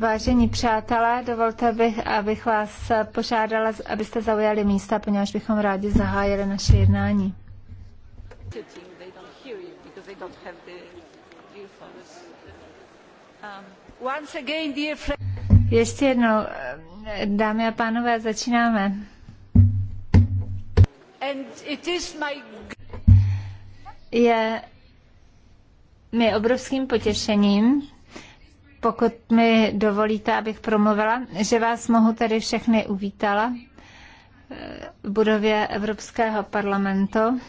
Vážení přátelé, dovolte bych, abych vás požádala, abyste zaujali místa, poněvadž bychom rádi zahájili naše jednání. Ještě jednou, dámy a pánové, začínáme. Je mi obrovským potěšením, pokud mi dovolíte, abych promluvila, že vás mohu tady všechny uvítala eh, v budově Evropského parlamentu.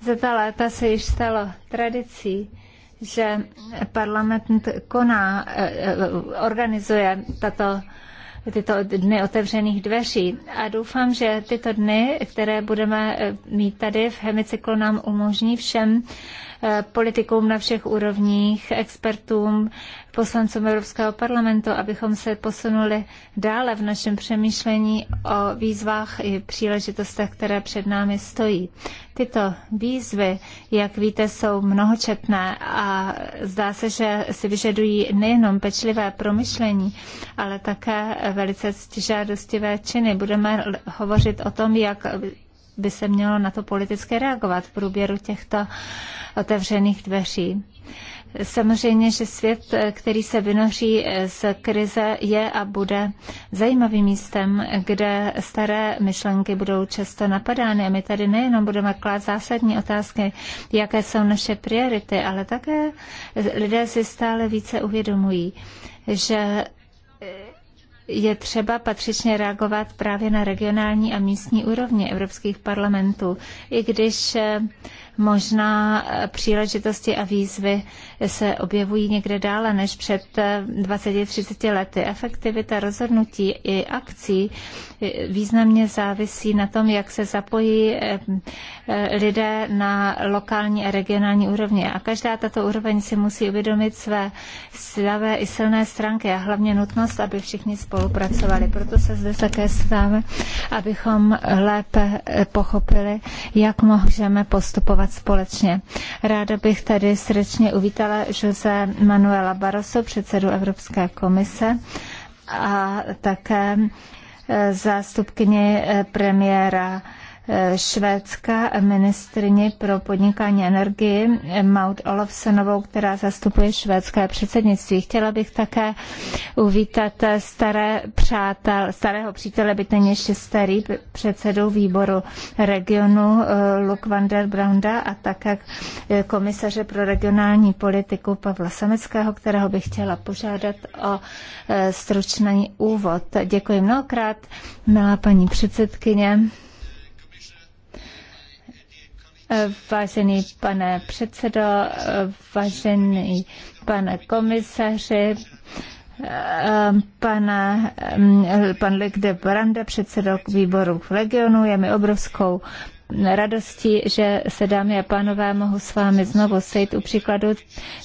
Za ta léta se již stalo tradicí, že parlament koná, eh, eh, organizuje tato tyto dny otevřených dveří. A doufám, že tyto dny, které budeme eh, mít tady v hemicyklu, nám umožní všem eh, politikům na všech úrovních, expertům, poslancům Evropského parlamentu, abychom se posunuli dále v našem přemýšlení o výzvách i příležitostech, které před námi stojí. Tyto výzvy, jak víte, jsou mnohočetné a zdá se, že si vyžadují nejenom pečlivé promyšlení, ale také velice žádostivé činy. Budeme hovořit o tom, jak by se mělo na to politicky reagovat v průběhu těchto otevřených dveří. Samozřejmě, že svět, který se vynoří z krize, je a bude zajímavým místem, kde staré myšlenky budou často napadány. A my tady nejenom budeme klát zásadní otázky, jaké jsou naše priority, ale také lidé si stále více uvědomují, že je třeba patřičně reagovat právě na regionální a místní úrovni evropských parlamentů, i když možná eh, příležitosti a výzvy se objevují někde dále než před 20-30 eh, lety. Efektivita rozhodnutí i akcí eh, významně závisí na tom, jak se zapojí lidé na lokální a regionální úrovni. A každá tato úroveň si musí uvědomit své slavé i silné stránky a hlavně nutnost, aby všichni spolupracovali. Proto se zde také stáváme, abychom lépe pochopili, jak můžeme postupovat postupovat společně. Ráda bych tady srdečně uvítala Jose Manuela Barroso, předsedu Evropské komise a také eh, zástupkyni eh, premiéra Švédska ministrině pro podnikání energii Maud Olofsenovou, která zastupuje švédské předsednictví. Chtěla bych také uvítat staré přátel, starého přítele, byť není ještě starý, předsedu výboru regionu eh, Luk van der Branda a také eh, komisaře pro regionální politiku Pavla Sameckého, kterého bych chtěla požádat o eh, stručný úvod. Děkuji mnohokrát, milá paní předsedkyně. Vážený pane předsedo, vážený pane komisaři, pana, pan Legde Branda, předseda výboru v regionu. Je mi obrovskou Radosti, že se dámy a pánové mohu s vámi znovu sejít u příkladu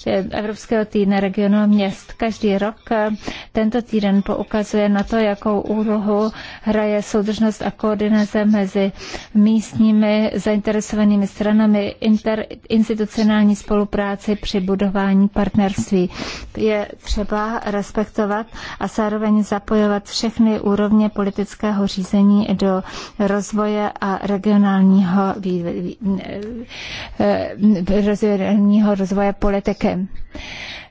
eh, Evropského týdne regionu a měst. Každý rok eh, tento týden poukazuje na to, jakou úlohu hraje soudržnost a koordinace mezi místními zainteresovanými stranami, interinstitucionální spolupráci při budování partnerství. Je třeba respektovat a zároveň zapojovat všechny úrovně politického řízení do rozvoje a regionální regionálního, eh, regionálního rozvoje politiky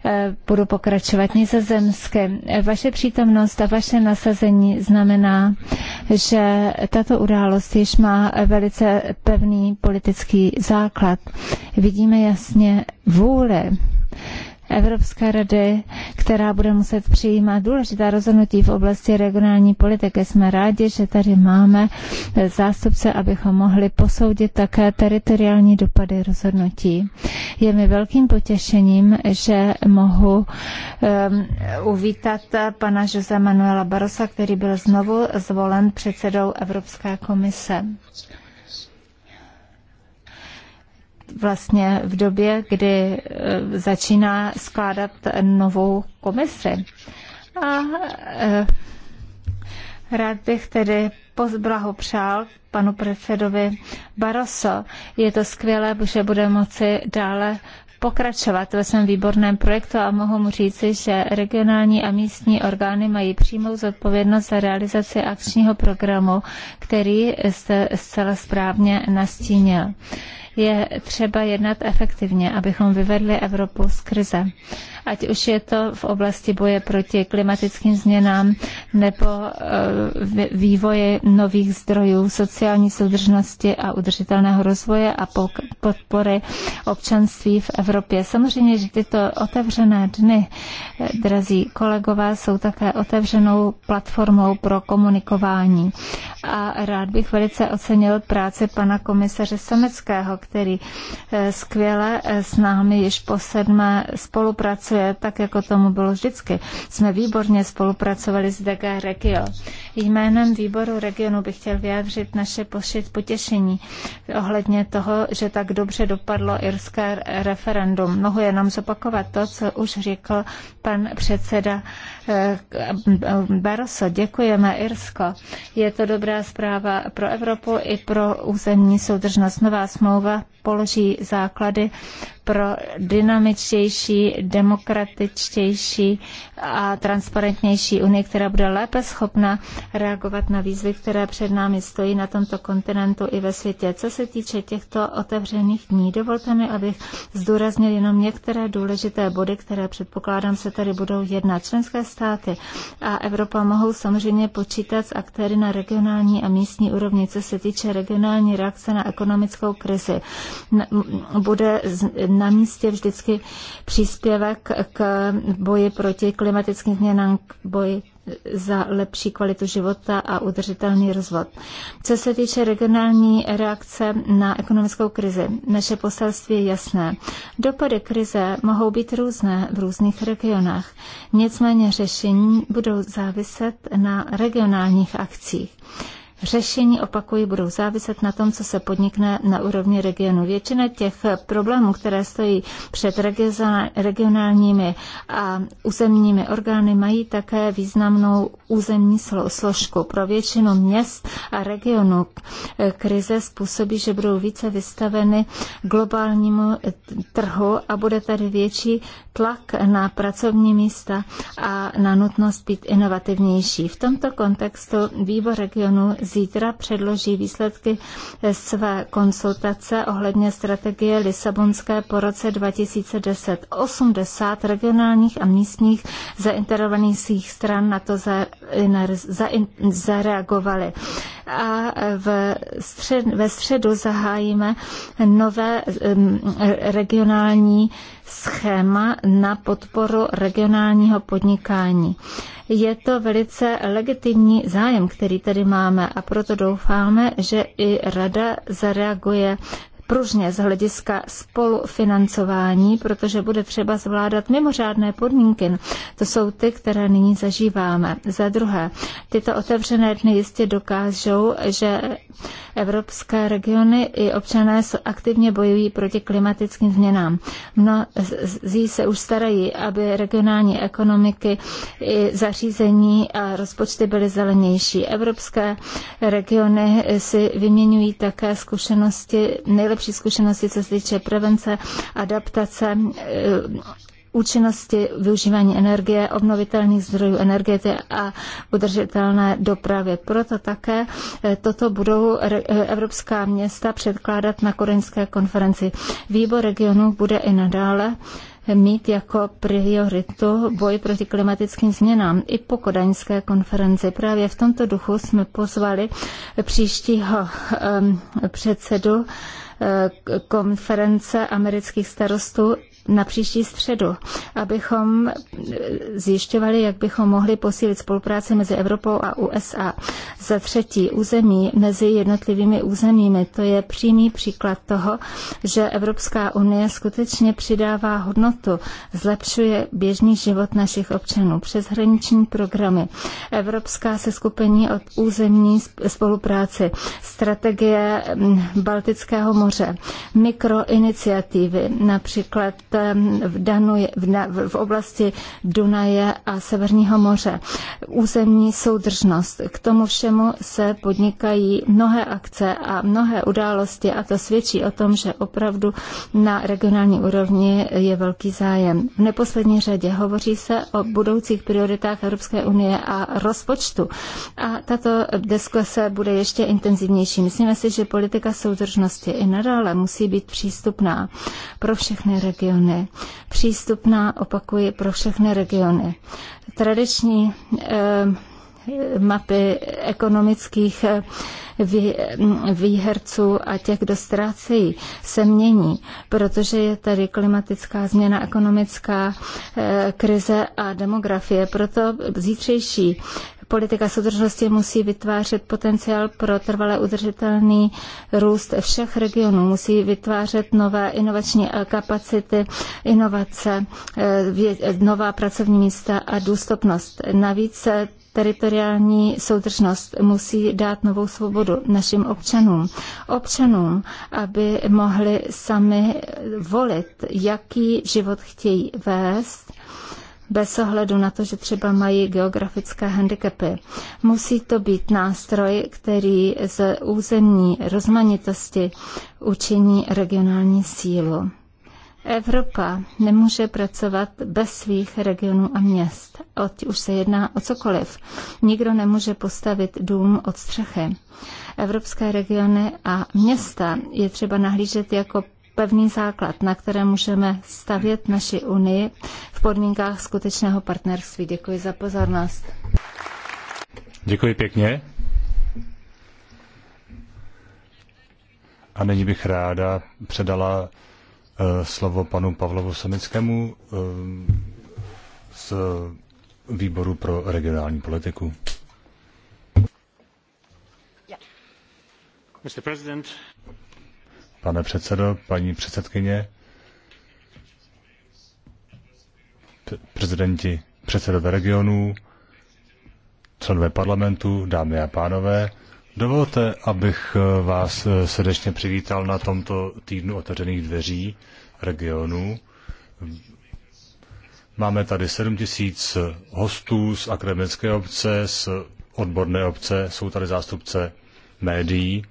eh, budu pokračovat nizozemské. Vaše přítomnost a vaše nasazení znamená, že tato událost již má velice pevný politický základ. Vidíme jasně vůle. Evropské rady, která bude muset přijímat důležitá rozhodnutí v oblasti regionální politiky. Jsme rádi, že tady máme zástupce, abychom mohli posoudit také teritoriální dopady rozhodnutí. Je mi velkým potěšením, že mohu um, uvítat pana Jose Manuela Barosa, který byl znovu zvolen předsedou Evropské komise vlastně v době, kdy eh, začíná skládat novou komisi. A eh, rád bych tedy pozblahopřál panu předsedovi Baroso. Je to skvělé, že bude moci dále pokračovat ve svém výborném projektu a mohu mu říci, že regionální a místní orgány mají přímou zodpovědnost za realizaci akčního programu, který jste zcela správně nastínil. Je třeba jednat efektivně, abychom vyvedli Evropu z krize ať už je to v oblasti boje proti klimatickým změnám nebo eh, vývoje nových zdrojů sociální soudržnosti a udržitelného rozvoje a podpory občanství v Evropě. Samozřejmě, že tyto otevřené dny, eh, drazí kolegové, jsou také otevřenou platformou pro komunikování. A rád bych velice ocenil práci pana komisaře Sameckého, který eh, skvěle s námi již po sedmé spolupracuje pracuje tak, jako tomu bylo vždycky. Jsme výborně spolupracovali s DG Regio. Jménem výboru regionu bych chtěl vyjádřit naše potěšení ohledně toho, že tak dobře dopadlo irské referendum. Mohu jenom zopakovat to, co už řekl pan předseda eh, Barroso. Děkujeme Irsko. Je to dobrá zpráva pro Evropu i pro územní soudržnost. Nová smlouva položí základy pro dynamičtější, demokratičtější a transparentnější unii, která bude lépe schopna reagovat na výzvy, které před námi stojí na tomto kontinentu i ve světě. Co se týče těchto otevřených dní, dovolte mi, abych zdůraznil jenom některé důležité body, které předpokládám se tady budou jednat. Členské státy a Evropa mohou samozřejmě počítat s aktéry na regionální a místní úrovni, co se týče regionální reakce na ekonomickou krizi. Bude na místě vždycky příspěvek k boji proti klimatickým změnám, k boji za lepší kvalitu života a udržitelný rozvod. Co se týče regionální reakce na ekonomickou krizi, naše poselství je jasné. Dopady krize mohou být různé v různých regionech, nicméně řešení budou záviset na regionálních akcích řešení, opakují, budou záviset na tom, co se podnikne na úrovni regionu. Většina těch problémů, které stojí před regionálními a územními orgány, mají také významnou územní složku. Pro většinu měst a regionů krize způsobí, že budou více vystaveny globálnímu eh, trhu a bude tady větší tlak na pracovní místa a na nutnost být inovativnější. V tomto kontextu výbor regionu zítra předloží výsledky své konsultace ohledně strategie Lisabonské po roce 2010. 80 regionálních a místních zainteresovaných stran na to zareagovaly a v střed, ve středu zahájíme nové regionální schéma na podporu regionálního podnikání. Je to velice legitimní zájem, který tady máme a proto doufáme, že i Rada zareaguje pružně z hlediska spolufinancování, protože bude třeba zvládat mimořádné podmínky. To jsou ty, které nyní zažíváme. Za druhé, tyto otevřené dny jistě dokážou, že evropské regiony i občané aktivně bojují proti klimatickým změnám. Mnozí se už starají, aby regionální ekonomiky, i zařízení a rozpočty byly zelenější. Evropské regiony si vyměňují také zkušenosti nejlepší nejlepší zkušenosti, co se týče prevence, adaptace, e, účinnosti využívání energie, obnovitelných zdrojů energie a udržitelné dopravy. Proto také e, toto budou e, evropská města předkládat na koreňské konferenci. Výbor regionů bude i nadále mít jako prioritu boj proti klimatickým změnám. I po kodaňské konferenci právě v tomto duchu jsme pozvali příštího um, předsedu Eh, konference amerických starostů na příští středu, abychom zjišťovali, jak bychom mohli posílit spolupráci mezi Evropou a USA. Za třetí, území mezi jednotlivými územími. To je přímý příklad toho, že Evropská unie skutečně přidává hodnotu, zlepšuje běžný život našich občanů přes hraniční programy. Evropská seskupení od územní spolupráce, strategie Baltického moře, mikroiniciativy, například Eh, v, Danu, v, v oblasti Dunaje a Severního moře. Územní soudržnost. K tomu všemu se podnikají mnohé akce a mnohé události a to svědčí o tom, že opravdu na regionální úrovni je velký zájem. V neposlední řadě hovoří se o budoucích prioritách Evropské unie a rozpočtu. A tato diskuse bude ještě intenzivnější. Myslíme si, že politika soudržnosti i nadále musí být přístupná pro všechny regiony regiony. Přístupná, opakuji, pro všechny regiony. Tradiční eh, mapy ekonomických výherců a těch, kdo ztrácejí, se mění, protože je tady klimatická změna, ekonomická eh, krize a demografie. Proto zítřejší politika soudržnosti musí vytvářet potenciál pro trvale udržitelný růst všech regionů, musí vytvářet nové inovační kapacity, inovace, eh, nová pracovní místa a důstupnost. Navíc Teritoriální soudržnost musí dát novou svobodu našim občanům. Občanům, aby mohli sami volit, jaký život chtějí vést, bez ohledu na to, že třeba mají geografické handicapy. Musí to být nástroj, který z územní rozmanitosti učiní regionální sílu. Evropa nemůže pracovat bez svých regionů a měst, ať už se jedná o cokoliv. Nikdo nemůže postavit dům od střechy. Evropské regiony a města je třeba nahlížet jako pevný základ, na které můžeme stavět naši unii v podmínkách skutečného partnerství. Děkuji za pozornost. Děkuji pěkně. A nyní bych ráda předala Eh, slovo panu Pavlovu Samickému eh, z výboru pro regionální politiku. Pane předsedo, paní předsedkyně, prezidenti, předsedové regionů, členové parlamentu, dámy a pánové, Dovolte, abych eh, vás eh, srdečně přivítal na tomto týdnu otevřených dveří regionu. Máme tady 7 tisíc hostů z akademické obce, z odborné obce, jsou tady zástupce médií,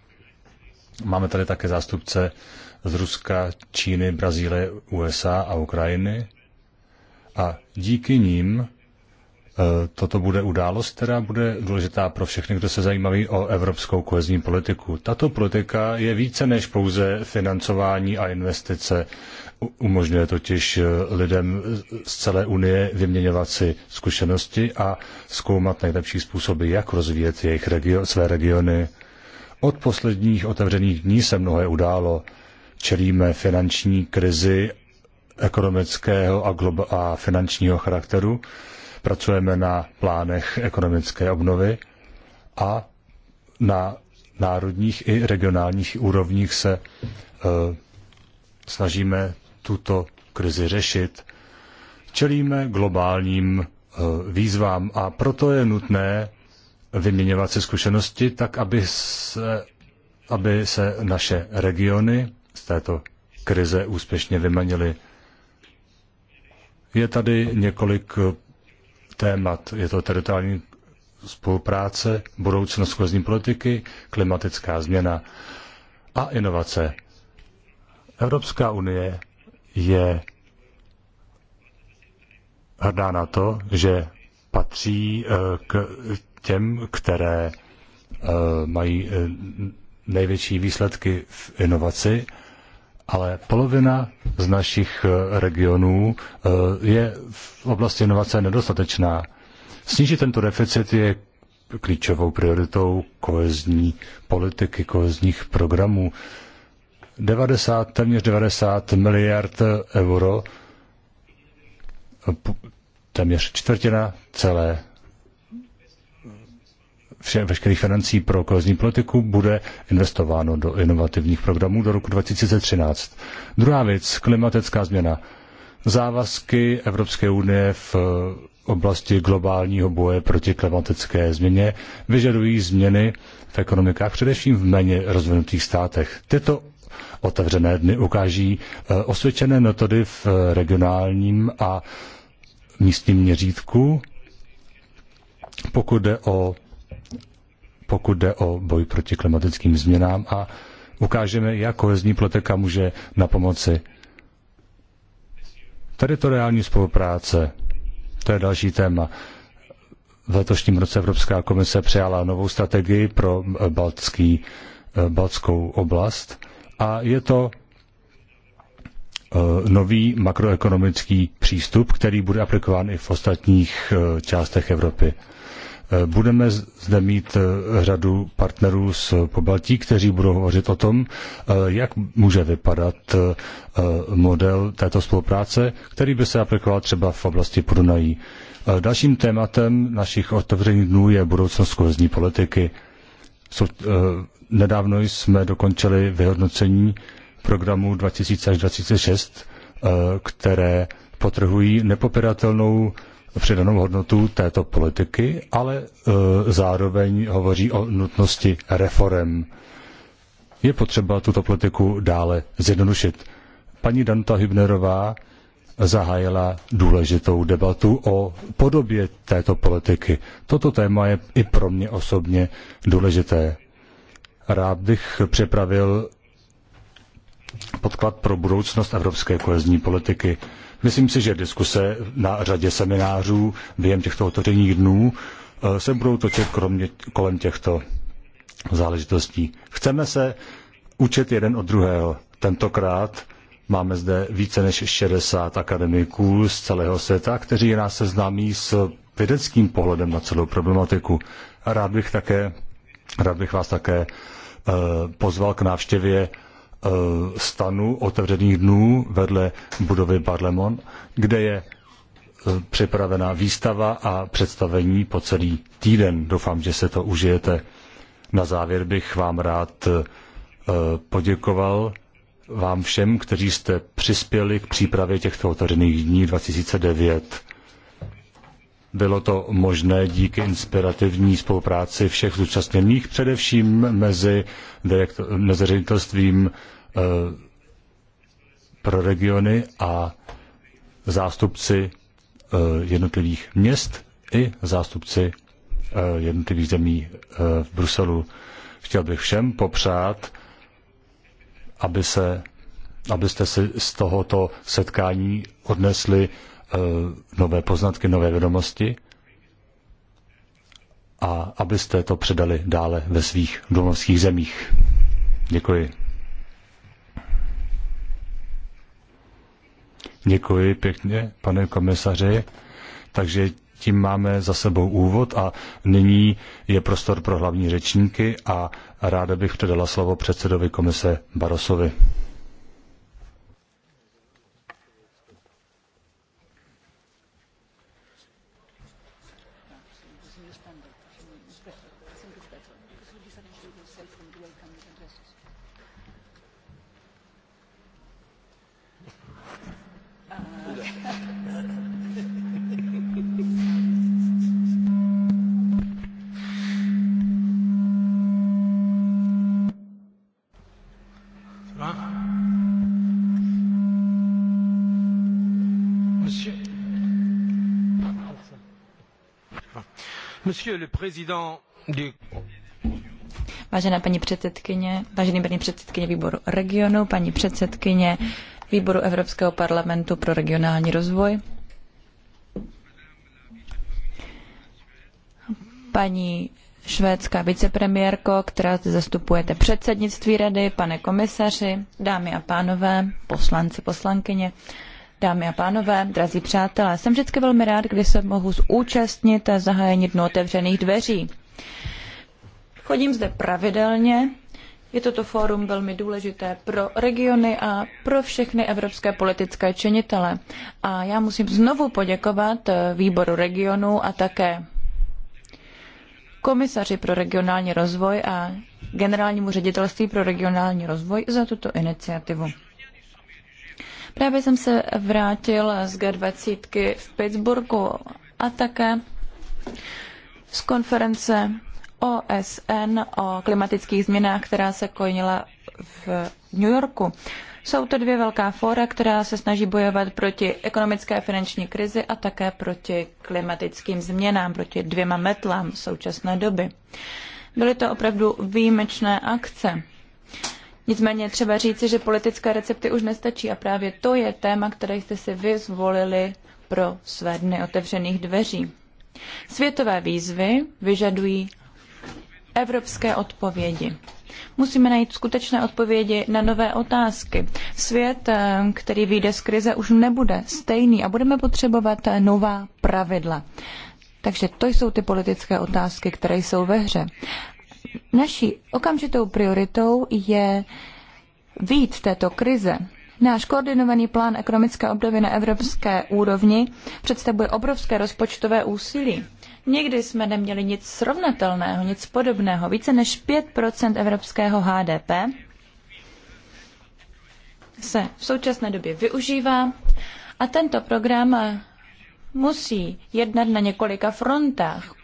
máme tady také zástupce z Ruska, Číny, Brazílie, USA a Ukrajiny. A díky nim Eh, toto bude událost, která bude důležitá pro všechny, kdo se zajímaví o evropskou kohezní politiku. Tato politika je více než pouze financování a investice. Umožňuje totiž eh, lidem z celé Unie vyměňovat si zkušenosti a zkoumat nejlepší způsoby, jak rozvíjet jejich regio- své regiony. Od posledních otevřených dní se mnohé událo. Čelíme finanční krizi ekonomického a, globa- a finančního charakteru Pracujeme na plánech ekonomické obnovy a na národních i regionálních úrovních se eh, snažíme tuto krizi řešit. Čelíme globálním eh, výzvám a proto je nutné vyměňovat se zkušenosti tak, aby se, aby se naše regiony z této krize úspěšně vymanily. Je tady několik témat. Je to teritoriální spolupráce, budoucnost kohezní politiky, klimatická změna a inovace. Evropská unie je hrdá na to, že patří eh, k těm, které eh, mají eh, největší výsledky v inovaci ale polovina z našich eh, regionů eh, je v oblasti inovace nedostatečná. Snížit tento deficit je klíčovou prioritou kohezní politiky, kohezních programů. 90, téměř 90 miliard euro, eh, téměř čtvrtina celé vše, veškerých financí pro kohezní politiku bude investováno do inovativních programů do roku 2013. Druhá věc, klimatická změna. Závazky Evropské unie v eh, oblasti globálního boje proti klimatické změně vyžadují změny v ekonomikách, především v méně rozvinutých státech. Tyto otevřené dny ukáží eh, osvědčené metody v eh, regionálním a místním měřítku, pokud jde o pokud jde o boj proti klimatickým změnám a ukážeme, jak kohezní politika může na pomoci. Teritoriální spolupráce, to je další téma. V letošním roce Evropská komise přijala novou strategii pro eh, Baltský, eh, Baltskou oblast a je to eh, nový makroekonomický přístup, který bude aplikován i v ostatních částech Evropy. Budeme zde mít eh, řadu partnerů z Pobaltí, kteří budou hovořit o tom, eh, jak může vypadat eh, model této spolupráce, který by se aplikoval třeba v oblasti Podunají. Dalším tématem našich otevřených dnů je budoucnost kohezní politiky. Nedávno jsme dokončili vyhodnocení programu 2000 až 2006, které potrhují nepopiratelnou přidanou hodnotu této politiky, ale e, zároveň hovoří o nutnosti reform. Je potřeba tuto politiku dále zjednodušit. Paní Danta Hübnerová zahájila důležitou debatu o podobě této politiky. Toto téma je i pro mě osobně důležité. Rád bych připravil podklad pro budoucnost evropské kohezní politiky. Myslím si, že diskuse na řadě seminářů během těchto otevřených dnů eh, se budou točit kromě, kolem těchto záležitostí. Chceme se učit jeden od druhého. Tentokrát máme zde více než 60 akademiků z celého světa, kteří nás seznámí s vědeckým pohledem na celou problematiku. A rád bych, také, rád bych vás také eh, pozval k návštěvě Eh, stanu otevřených dnů vedle budovy Barlemon, kde je eh, připravená výstava a představení po celý týden. Doufám, že se to užijete. Na závěr bych vám rád eh, poděkoval vám všem, kteří jste přispěli k přípravě těchto otevřených dní 2009. Bylo to možné díky inspirativní spolupráci všech zúčastněných, především mezi, direktor, mezi ředitelstvím e, pro regiony a zástupci e, jednotlivých měst i zástupci e, jednotlivých zemí e, v Bruselu. Chtěl bych všem popřát, aby se, abyste si z tohoto setkání odnesli Eh, nové poznatky, nové vědomosti a abyste to předali dále ve svých domovských zemích. Děkuji. Děkuji pěkně, pane komisaři. Takže tím máme za sebou úvod a nyní je prostor pro hlavní řečníky a ráda bych předala slovo předsedovi komise Barosovi. Vážená paní předsedkyně, vážený paní předsedkyně výboru regionu, paní předsedkyně výboru Evropského parlamentu pro regionální rozvoj, paní švédská vicepremiérko, která zastupujete předsednictví rady, pane komisaři, dámy a pánové, poslanci, poslankyně. Dámy a pánové, drazí přátelé, jsem vždycky velmi rád, když se mohu zúčastnit a zahájení dnu otevřených dveří. Chodím zde pravidelně, je toto fórum velmi důležité pro regiony a pro všechny evropské politické činitele. A já musím znovu poděkovat eh, výboru regionu a také komisaři pro regionální rozvoj a generálnímu ředitelství pro regionální rozvoj za tuto iniciativu. Právě jsem se vrátil z G20 v Pittsburghu a také z konference OSN o klimatických změnách, která se konila v New Yorku. Jsou to dvě velká fóra, která se snaží bojovat proti ekonomické a finanční krizi a také proti klimatickým změnám, proti dvěma metlám současné doby. Byly to opravdu výjimečné akce. Nicméně třeba říci, že politické recepty už nestačí a právě to je téma, které jste si vy zvolili pro své dny otevřených dveří. Světové výzvy vyžadují evropské odpovědi. Musíme najít skutečné odpovědi na nové otázky. Svět, eh, který vyjde z krize, už nebude stejný a budeme potřebovat eh, nová pravidla. Takže to jsou ty politické otázky, které jsou ve hře naší okamžitou prioritou je výjít této krize. Náš koordinovaný plán ekonomické obnovy na evropské úrovni představuje obrovské rozpočtové úsilí. Nikdy jsme neměli nic srovnatelného, nic podobného. Více než 5 evropského HDP se v současné době využívá a tento program musí jednat na několika frontách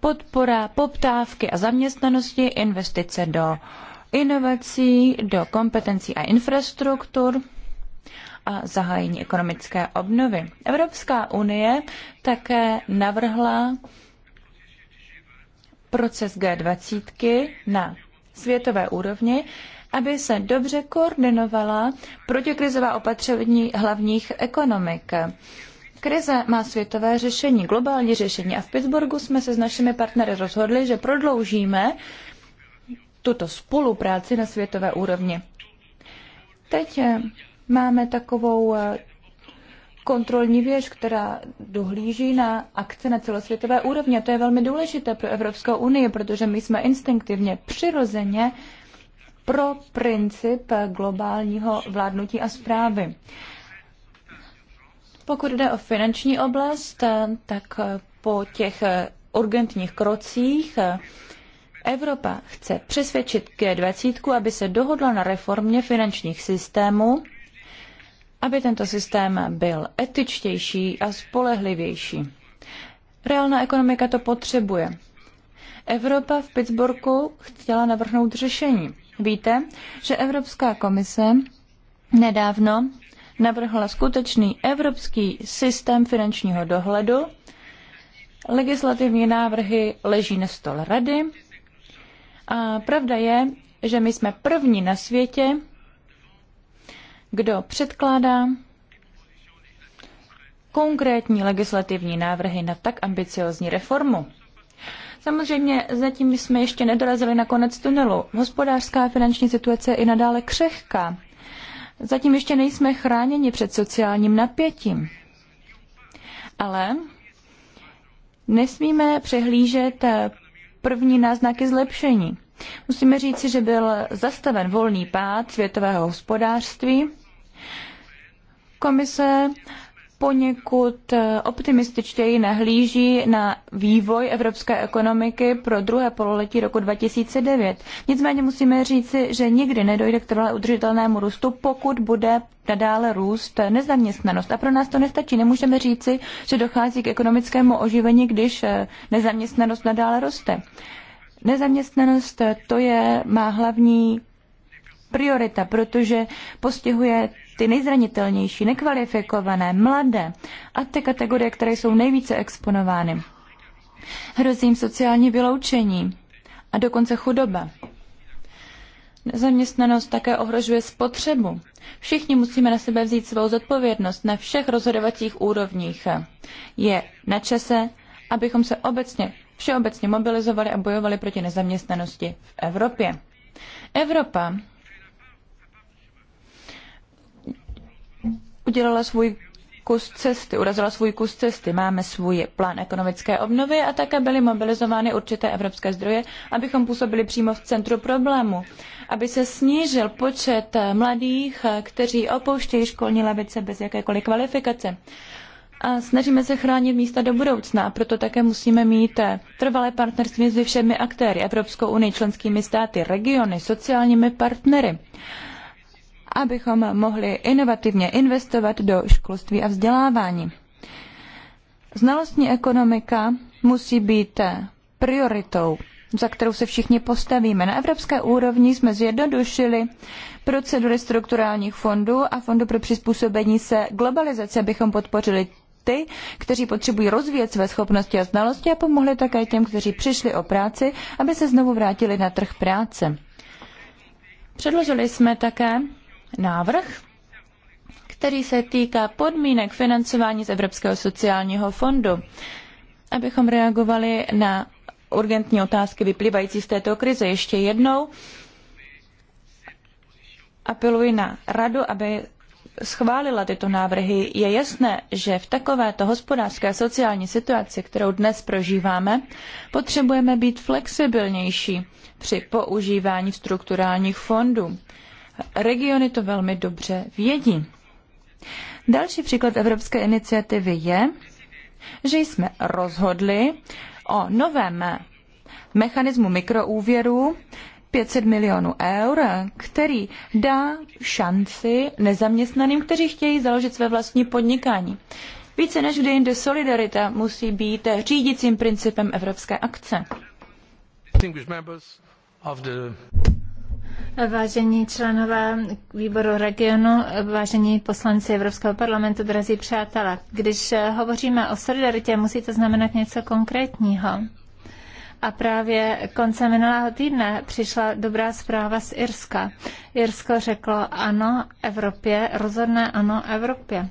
podpora poptávky a zaměstnanosti, investice do inovací, do kompetencí a infrastruktur a zahájení ekonomické obnovy. Evropská unie také navrhla proces G20 na světové úrovni, aby se dobře koordinovala protikrizová opatření hlavních ekonomik. Krize má světové řešení, globální řešení a v Pittsburghu jsme se s našimi partnery rozhodli, že prodloužíme tuto spolupráci na světové úrovni. Teď eh, máme takovou eh, kontrolní věž, která dohlíží na akce na celosvětové úrovni. A to je velmi důležité pro Evropskou unii, protože my jsme instinktivně, přirozeně pro princip globálního vládnutí a zprávy. Pokud jde o finanční oblast, tak po těch urgentních krocích Evropa chce přesvědčit G20, aby se dohodla na reformě finančních systémů, aby tento systém byl etičtější a spolehlivější. Reálná ekonomika to potřebuje. Evropa v Pittsburghu chtěla navrhnout řešení. Víte, že Evropská komise nedávno navrhla skutečný evropský systém finančního dohledu. Legislativní návrhy leží na stole rady. A pravda je, že my jsme první na světě, kdo předkládá konkrétní legislativní návrhy na tak ambiciozní reformu. Samozřejmě zatím jsme ještě nedorazili na konec tunelu. Hospodářská a finanční situace je i nadále křehká. Zatím ještě nejsme chráněni před sociálním napětím. Ale nesmíme přehlížet první náznaky zlepšení. Musíme říci, že byl zastaven volný pád světového hospodářství. Komise poněkud eh, optimističtěji nahlíží na vývoj evropské ekonomiky pro druhé pololetí roku 2009. Nicméně musíme říci, že nikdy nedojde k trvalé udržitelnému růstu, pokud bude nadále růst nezaměstnanost. A pro nás to nestačí. Nemůžeme říci, že dochází k ekonomickému oživení, když eh, nezaměstnanost nadále roste. Nezaměstnanost eh, to je má hlavní priorita, protože postihuje ty nejzranitelnější, nekvalifikované, mladé a ty kategorie, které jsou nejvíce exponovány. Hrozí jim sociální vyloučení a dokonce chudoba. Nezaměstnanost také ohrožuje spotřebu. Všichni musíme na sebe vzít svou zodpovědnost na všech rozhodovacích úrovních. Je na čase, abychom se obecně, všeobecně mobilizovali a bojovali proti nezaměstnanosti v Evropě. Evropa udělala svůj kus cesty, urazila svůj kus cesty. Máme svůj plán ekonomické obnovy a také byly mobilizovány určité evropské zdroje, abychom působili přímo v centru problému, aby se snížil počet mladých, kteří opouštějí školní lavice bez jakékoliv kvalifikace. A snažíme se chránit místa do budoucna, proto také musíme mít trvalé partnerství se všemi aktéry, Evropskou unii, členskými státy, regiony, sociálními partnery abychom mohli inovativně investovat do školství a vzdělávání. Znalostní ekonomika musí být prioritou, za kterou se všichni postavíme. Na evropské úrovni jsme zjednodušili procedury strukturálních fondů a fondu pro přizpůsobení se globalizaci, abychom podpořili ty, kteří potřebují rozvíjet své schopnosti a znalosti a pomohli také těm, kteří přišli o práci, aby se znovu vrátili na trh práce. Předložili jsme také návrh, který se týká podmínek financování z Evropského sociálního fondu, abychom reagovali na urgentní otázky vyplývající z této krize. Ještě jednou apeluji na radu, aby schválila tyto návrhy. Je jasné, že v takovéto hospodářské a sociální situaci, kterou dnes prožíváme, potřebujeme být flexibilnější při používání strukturálních fondů. Regiony to velmi dobře vědí. Další příklad evropské iniciativy je, že jsme rozhodli o novém mechanismu mikroúvěru 500 milionů eur, který dá šanci nezaměstnaným, kteří chtějí založit své vlastní podnikání. Více než kdy jinde solidarita musí být řídicím principem evropské akce. Vážení členové výboru regionu, vážení poslanci Evropského parlamentu, drazí přátelé, když hovoříme o solidaritě, musí to znamenat něco konkrétního. A právě konce minulého týdne přišla dobrá zpráva z Irska. Irsko řeklo ano Evropě, rozhodné ano Evropě.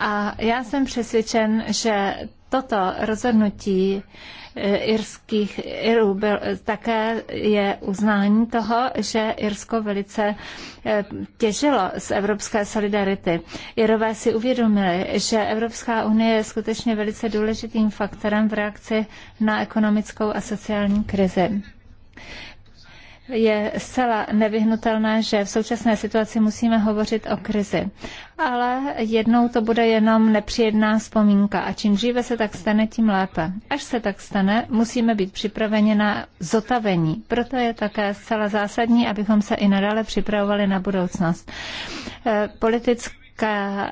A já jsem přesvědčen, že toto rozhodnutí eh, irských Irů byl, eh, také je uznání toho, že Irsko velice eh, těžilo z evropské solidarity. Irové si uvědomili, že Evropská unie je skutečně velice důležitým faktorem v reakci na ekonomickou a sociální krizi je zcela nevyhnutelné, že v současné situaci musíme hovořit o krizi. Ale jednou to bude jenom nepříjemná vzpomínka a čím dříve se tak stane, tím lépe. Až se tak stane, musíme být připraveni na zotavení. Proto je také zcela zásadní, abychom se i nadále připravovali na budoucnost. Eh, Politické politické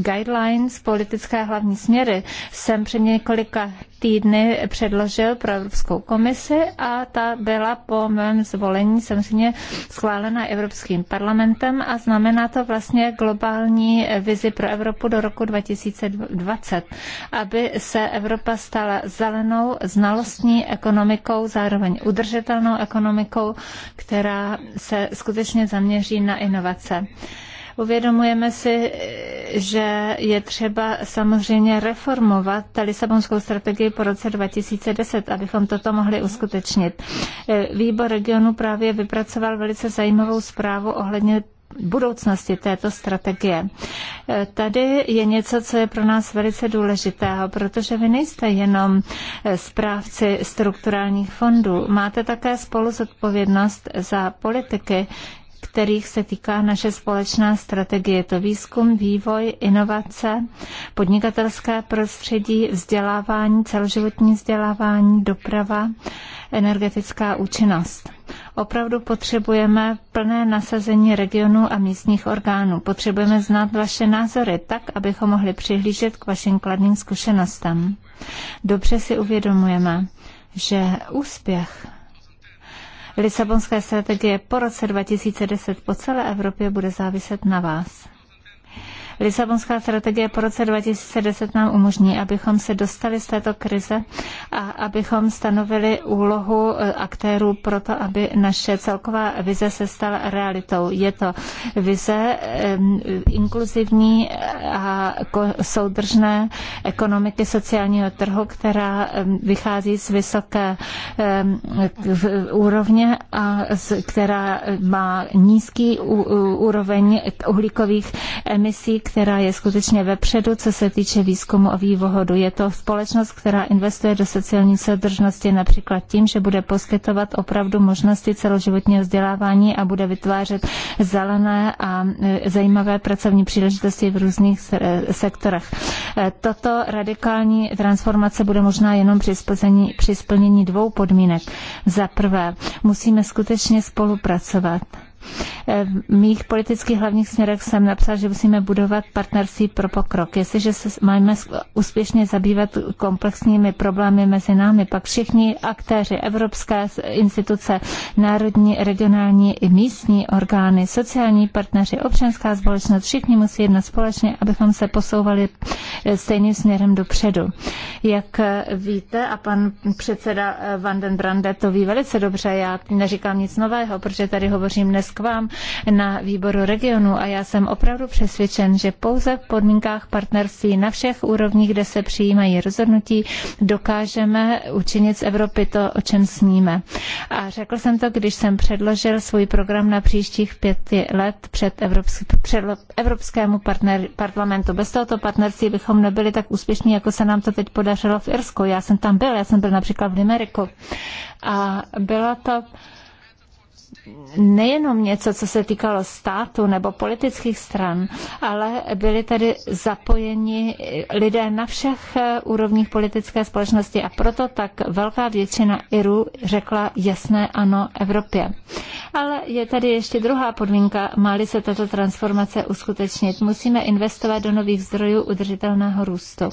guidelines, politické hlavní směry jsem před několika týdny předložil pro Evropskou komisi a ta byla po mém zvolení samozřejmě schválena Evropským parlamentem a znamená to vlastně globální vizi pro Evropu do roku 2020, aby se Evropa stala zelenou znalostní ekonomikou, zároveň udržitelnou ekonomikou, která se skutečně zaměří na inovace. Uvědomujeme si, že je třeba samozřejmě reformovat Lisabonskou strategii po roce 2010, abychom toto mohli uskutečnit. Výbor regionu právě vypracoval velice zajímavou zprávu ohledně budoucnosti této strategie. Tady je něco, co je pro nás velice důležitého, protože vy nejste jenom správci strukturálních fondů, máte také spolu zodpovědnost za politiky, kterých se týká naše společná strategie. To výzkum, vývoj, inovace, podnikatelské prostředí, vzdělávání, celoživotní vzdělávání, doprava, energetická účinnost. Opravdu potřebujeme plné nasazení regionů a místních orgánů. Potřebujeme znát vaše názory tak, abychom mohli přihlížet k vašim kladným zkušenostem. Dobře si uvědomujeme, že úspěch Lisabonská strategie po roce 2010 po celé Evropě bude záviset na vás. Lisabonská strategie po roce 2010 nám umožní, abychom se dostali z této krize a abychom stanovili úlohu e, aktérů pro to, aby naše celková vize se stala realitou. Je to vize inkluzivní a soudržné ekonomiky sociálního trhu, která vychází z vysoké úrovně a která má nízký úroveň uhlíkových emisí, která je skutečně vepředu, co se týče výzkumu a vývohodu. Je to společnost, která investuje do sociální soudržnosti například tím, že bude poskytovat opravdu možnosti celoživotního vzdělávání a bude vytvářet zelené a e, zajímavé pracovní příležitosti v různých e, sektorech. E, toto radikální transformace bude možná jenom při splnění, při splnění dvou podmínek. Za prvé, musíme skutečně spolupracovat v mých politických hlavních směrech jsem napsal, že musíme budovat partnerství pro pokrok. Jestliže se máme úspěšně zabývat komplexními problémy mezi námi, pak všichni aktéři, evropské instituce, národní, regionální i místní orgány, sociální partneři, občanská společnost, všichni musí jednat společně, abychom se posouvali eh, stejným směrem dopředu. Jak eh, víte, a pan předseda eh, Van den Brande to ví velice dobře, já neříkám nic nového, protože tady hovořím dnes k vám na výboru regionu a já jsem opravdu přesvědčen, že pouze v podmínkách partnerství na všech úrovních, kde se přijímají rozhodnutí, dokážeme učinit z Evropy to, o čem sníme. A řekl jsem to, když jsem předložil svůj program na příštích pěti let před, před Evropskému partner- parlamentu. Bez tohoto partnerství bychom nebyli tak úspěšní, jako se nám to teď podařilo v Irsku. Já jsem tam byl, já jsem byl například v Limeriku. A byla to nejenom něco, co se týkalo státu nebo politických stran, ale byli tady zapojeni lidé na všech eh, úrovních politické společnosti a proto tak velká většina Irů řekla jasné ano Evropě. Ale je tady ještě druhá podmínka, má se tato transformace uskutečnit. Musíme investovat do nových zdrojů udržitelného růstu.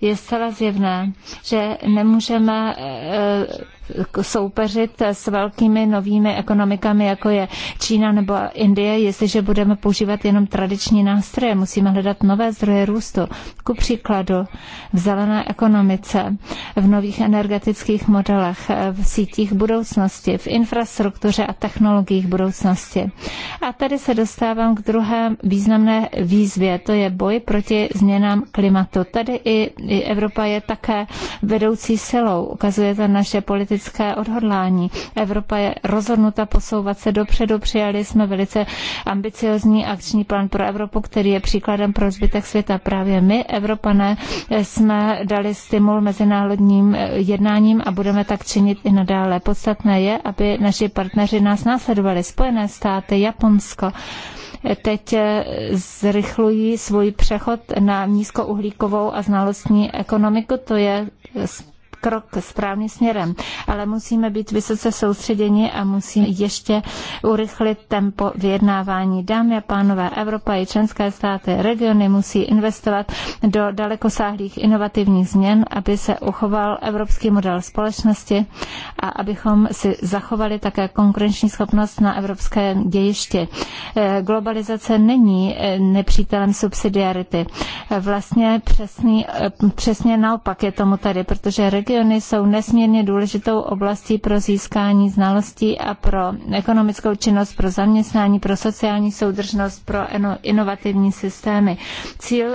Je zcela zjevné, že nemůžeme eh, soupeřit s velkými novými ekonomikami, jako je Čína nebo Indie, jestliže budeme používat jenom tradiční nástroje. Musíme hledat nové zdroje růstu. Ku příkladu v zelené ekonomice, v nových energetických modelech, v sítích budoucnosti, v infrastruktuře a technologiích budoucnosti. A tady se dostávám k druhé významné výzvě, to je boj proti změnám klimatu. Tady i Evropa je také vedoucí silou. Ukazuje to naše politické politické odhodlání. Evropa je rozhodnuta posouvat se dopředu. Přijali jsme velice ambiciozní akční plán pro Evropu, který je příkladem pro zbytek světa. Právě my, Evropané, jsme dali stimul mezinárodním eh, jednáním a budeme tak činit i nadále. Podstatné je, aby naši partneři nás následovali. Spojené státy, Japonsko, eh, teď eh, zrychlují svůj přechod na nízkouhlíkovou a znalostní ekonomiku. To je krok správným směrem, ale musíme být vysoce soustředěni a musíme ještě urychlit tempo vyjednávání. Dámy a pánové, Evropa i členské státy, regiony musí investovat do dalekosáhlých inovativních změn, aby se uchoval evropský model společnosti a abychom si zachovali také konkurenční schopnost na evropské dějiště. Eh, globalizace není eh, nepřítelem subsidiarity. Vlastně přesný, eh, přesně naopak je tomu tady, protože region Regiony jsou nesmírně důležitou oblastí pro získání znalostí a pro ekonomickou činnost, pro zaměstnání, pro sociální soudržnost, pro inovativní systémy. Cíl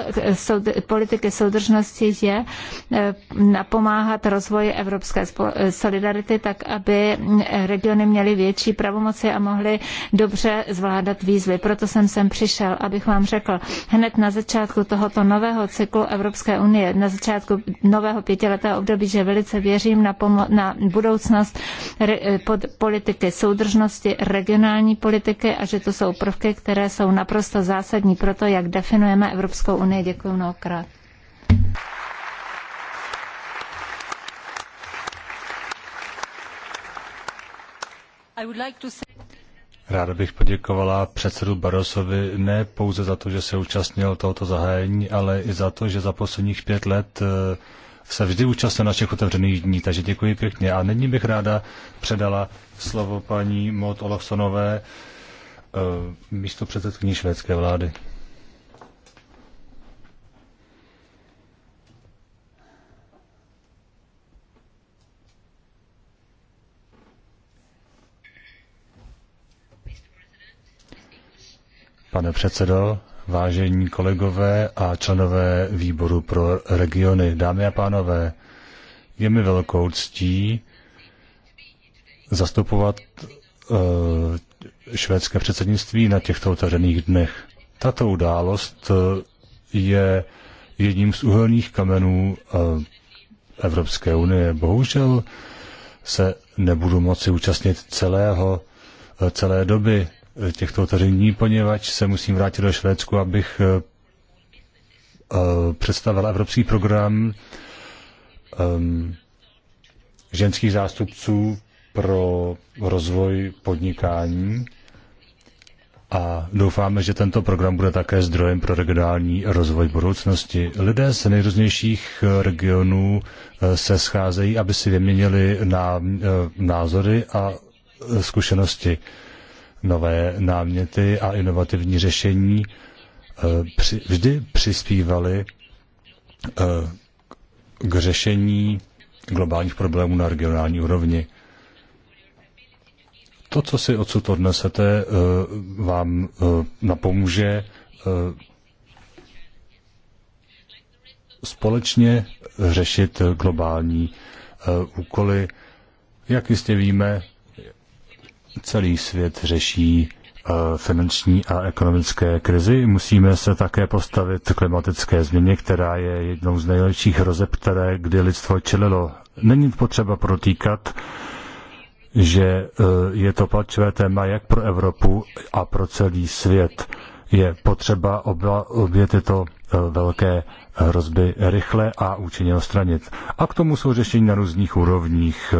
eh, politiky soudržnosti je eh, napomáhat rozvoji evropské eh, solidarity tak, aby regiony měly větší pravomoci a mohly dobře zvládat výzvy. Proto jsem sem přišel, abych vám řekl, hned na začátku tohoto nového cyklu Evropské unie, na začátku nového pětiletého období, že velice věřím na, na budoucnost pod politiky soudržnosti, regionální politiky a že to jsou prvky, které jsou naprosto zásadní pro to, jak definujeme Evropskou unii. Děkuji mnohokrát. Ráda bych poděkovala předsedu Barosovi ne pouze za to, že se účastnil tohoto zahájení, ale i za to, že za posledních pět let eh, se vždy účastnil našich otevřených dní, takže děkuji pěkně. A nyní bych ráda předala slovo paní Mot Olafsonové, eh, místo předsedkyní švédské vlády. Pane předsedo, vážení kolegové a členové výboru pro regiony. Dámy a pánové, je mi velkou ctí zastupovat eh, švédské předsednictví na těchto otevřených dnech. Tato událost eh, je jedním z uhelných kamenů eh, Evropské unie. Bohužel se nebudu moci účastnit celého, celé doby Eh, těchto otevření, poněvadž se musím vrátit do Švédsku, abych eh, eh, představil evropský program ehm, ženských zástupců pro rozvoj podnikání a doufáme, že tento program bude také zdrojem pro regionální rozvoj budoucnosti. Lidé z nejrůznějších regionů se scházejí, aby si vyměnili názory a zkušenosti nové náměty a inovativní řešení eh, vždy přispívaly eh, k řešení globálních problémů na regionální úrovni. To, co si odsud odnesete, eh, vám napomůže společně řešit globální úkoly. Jak jistě víme, celý svět řeší eh, finanční a ekonomické krizi. Musíme se také postavit klimatické změně, která je jednou z nejlepších hrozeb, které kdy lidstvo čelilo. Není potřeba protýkat, že eh, je to palčivé téma jak pro Evropu a pro celý svět. Je potřeba oba, obě tyto eh, velké hrozby rychle a účinně odstranit. A k tomu jsou řešení na různých úrovních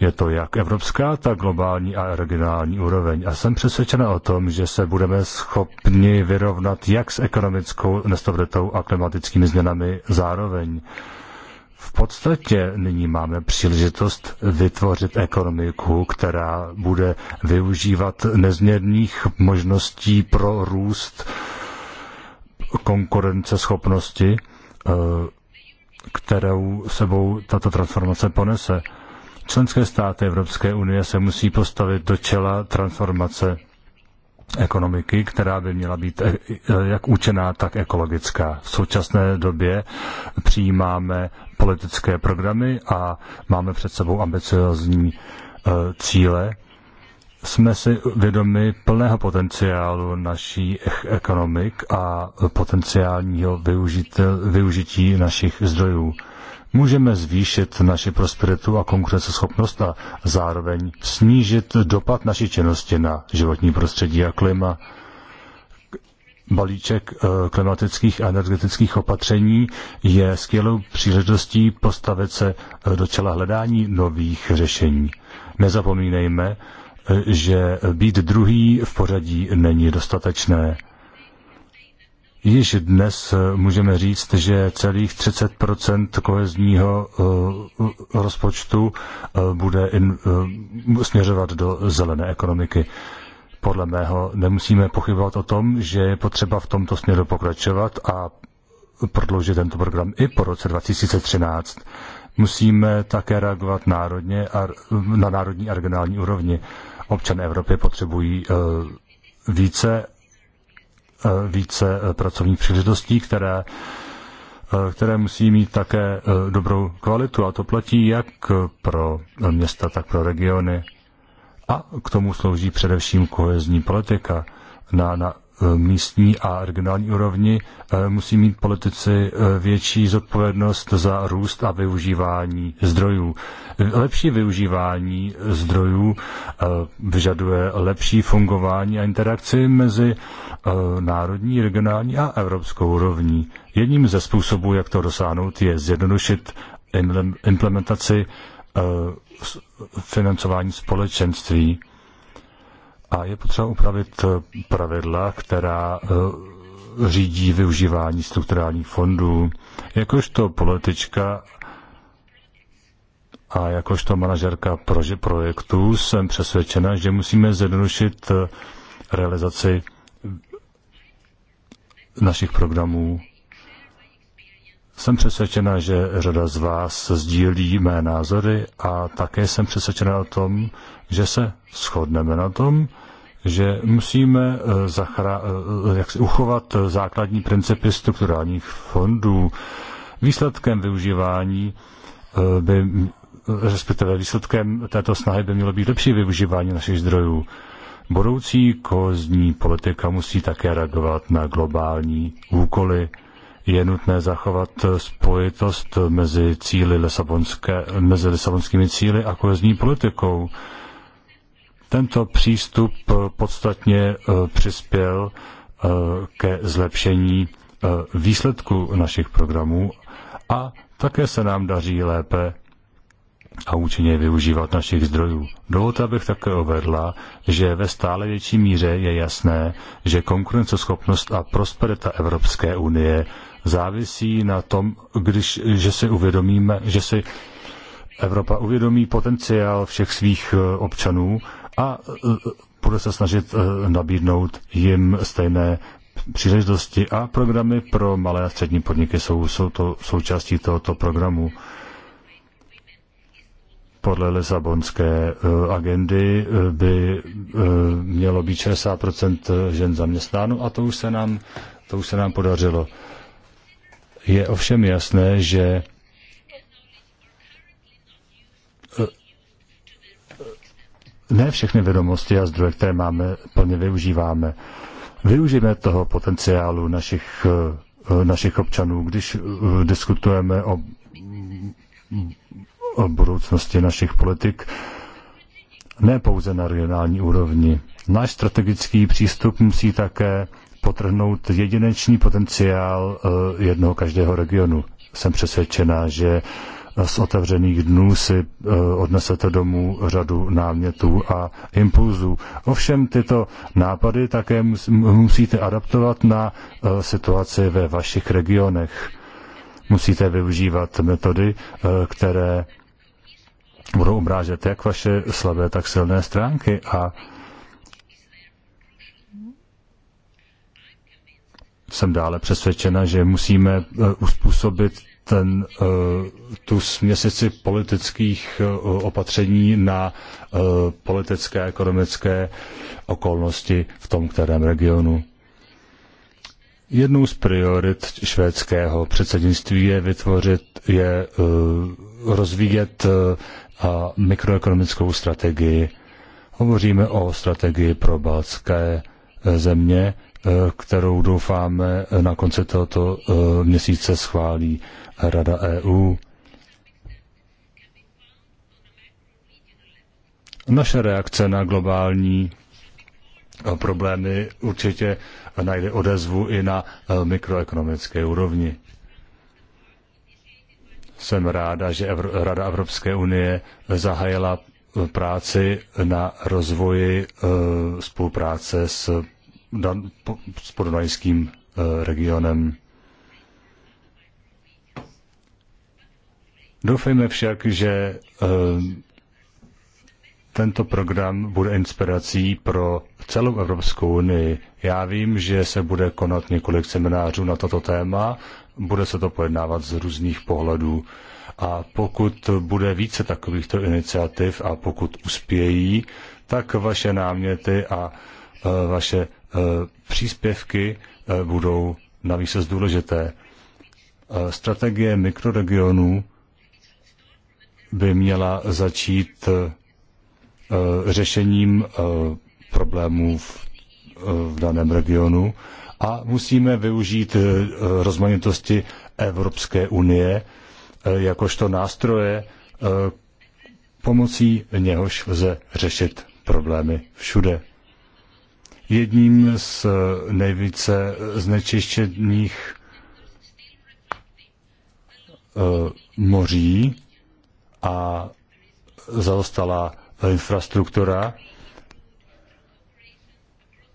je to jak evropská, tak globální a regionální úroveň. A jsem přesvědčena o tom, že se budeme schopni vyrovnat jak s ekonomickou nestabilitou a klimatickými změnami zároveň. V podstatě nyní máme příležitost vytvořit ekonomiku, která bude využívat nezměrných možností pro růst konkurenceschopnosti, eh, kterou sebou tato transformace ponese. Členské státy Evropské unie se musí postavit do čela transformace ekonomiky, která by měla být eh, eh, jak účená, tak ekologická. V současné době přijímáme politické programy a máme před sebou ambiciozní eh, cíle. Jsme si vědomi plného potenciálu naší ekonomik a potenciálního využití našich zdrojů můžeme zvýšit naši prosperitu a konkurenceschopnost a zároveň snížit dopad naší činnosti na životní prostředí a klima. Balíček eh, klimatických a energetických opatření je skvělou příležitostí postavit se eh, do čela hledání nových řešení. Nezapomínejme, eh, že být druhý v pořadí není dostatečné. Již dnes eh, můžeme říct, že celých 30 kohezního eh, rozpočtu eh, bude in, směřovat do zelené ekonomiky. Podle mého nemusíme pochybovat o tom, že je potřeba v tomto směru pokračovat a prodloužit tento program i po roce 2013. Musíme také reagovat národně a na národní a regionální úrovni. Občané Evropy potřebují více více eh, pracovních příležitostí, které eh, které musí mít také eh, dobrou kvalitu. A to platí jak pro města, tak pro regiony. A k tomu slouží především kohezní politika. Na, na Eh, místní a regionální úrovni eh, musí mít politici eh, větší zodpovědnost za růst a využívání zdrojů. Lepší využívání zdrojů vyžaduje lepší fungování a interakci mezi národní, regionální a evropskou úrovní. Jedním ze způsobů, jak to dosáhnout, je zjednodušit implementaci financování společenství a je potřeba upravit eh, pravidla, která eh, řídí využívání strukturálních fondů. Jakožto politička a jakožto manažerka projektů jsem přesvědčena, že musíme zjednodušit eh, realizaci našich programů jsem přesvědčena, že řada z vás sdílí mé názory a také jsem přesvědčena o tom, že se shodneme na tom, že musíme eh, zachra- eh, jak si uchovat základní principy strukturálních fondů. Výsledkem využívání eh, by, respektive výsledkem této snahy by mělo být lepší využívání našich zdrojů. Budoucí kozní politika musí také reagovat na globální úkoly je nutné zachovat spojitost mezi, cíly Lisabonské, mezi lisabonskými cíly a kohezní politikou. Tento přístup podstatně e, přispěl e, ke zlepšení e, výsledku našich programů a také se nám daří lépe a účinně využívat našich zdrojů. Dovolte, abych také uvedla, že ve stále větší míře je jasné, že konkurenceschopnost a prosperita Evropské unie závisí na tom, když, že si uvědomíme, že si Evropa uvědomí potenciál všech svých eh, občanů a eh, bude se snažit eh, nabídnout jim stejné příležitosti a programy pro malé a střední podniky jsou, jsou to součástí tohoto programu. Podle Lisabonské agendy by mělo být 60 žen zaměstnáno a to už se nám, to už se nám podařilo. Je ovšem jasné, že eh, ne všechny vědomosti a zdroje, které máme, plně využíváme. Využijeme toho potenciálu našich, eh, našich občanů, když eh, diskutujeme o, mm, o budoucnosti našich politik, ne pouze na regionální úrovni. Náš strategický přístup musí také potrhnout jedinečný potenciál eh, jednoho každého regionu. Jsem přesvědčená, že eh, z otevřených dnů si eh, odnesete domů řadu námětů a impulzů. Ovšem tyto nápady také musíte adaptovat na situaci ve vašich regionech. Musíte využívat metody, které budou obrážet jak vaše slabé, tak silné stránky a jsem dále přesvědčena, že musíme eh, uspůsobit ten, eh, tu směsici politických eh, opatření na politické a ekonomické okolnosti v tom kterém regionu. Jednou z priorit švédského předsednictví je vytvořit, je rozvíjet mikroekonomickou strategii. Hovoříme o strategii pro baltské země, kterou doufáme na konci tohoto eh, měsíce schválí Rada EU. Naše reakce na globální eh, problémy určitě najde odezvu i na eh, mikroekonomické úrovni. Jsem ráda, že Rada Evropské unie zahájila práci na rozvoji spolupráce s dan, po, s podunajským eh, regionem. Doufejme však, že eh, tento program bude inspirací pro celou Evropskou unii. Já vím, že se bude konat několik seminářů na toto téma, bude se to pojednávat z různých pohledů. A pokud bude více takovýchto iniciativ a pokud uspějí, tak vaše náměty a eh, vaše Eh, příspěvky eh, budou navíc důležité. Eh, strategie mikroregionů by měla začít řešením problémů v, v daném regionu a musíme využít rozmanitosti Evropské unie jakožto nástroje, pomocí něhož lze řešit problémy všude jedním z nejvíce znečištěných eh, moří a zaostalá infrastruktura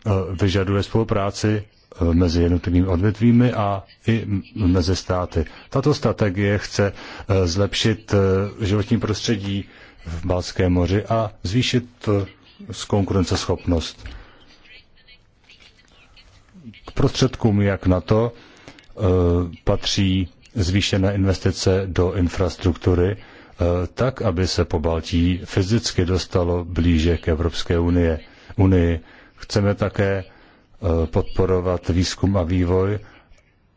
eh, vyžaduje spolupráci eh, mezi jednotlivými odvětvími a i mezi státy. Tato strategie chce zlepšit životní prostředí v Balském moři a zvýšit konkurenceschopnost prostředkům, jak na to, eh, patří zvýšené investice do infrastruktury, eh, tak, aby se po Baltí fyzicky dostalo blíže k Evropské unie. unii. Chceme také eh, podporovat výzkum a vývoj,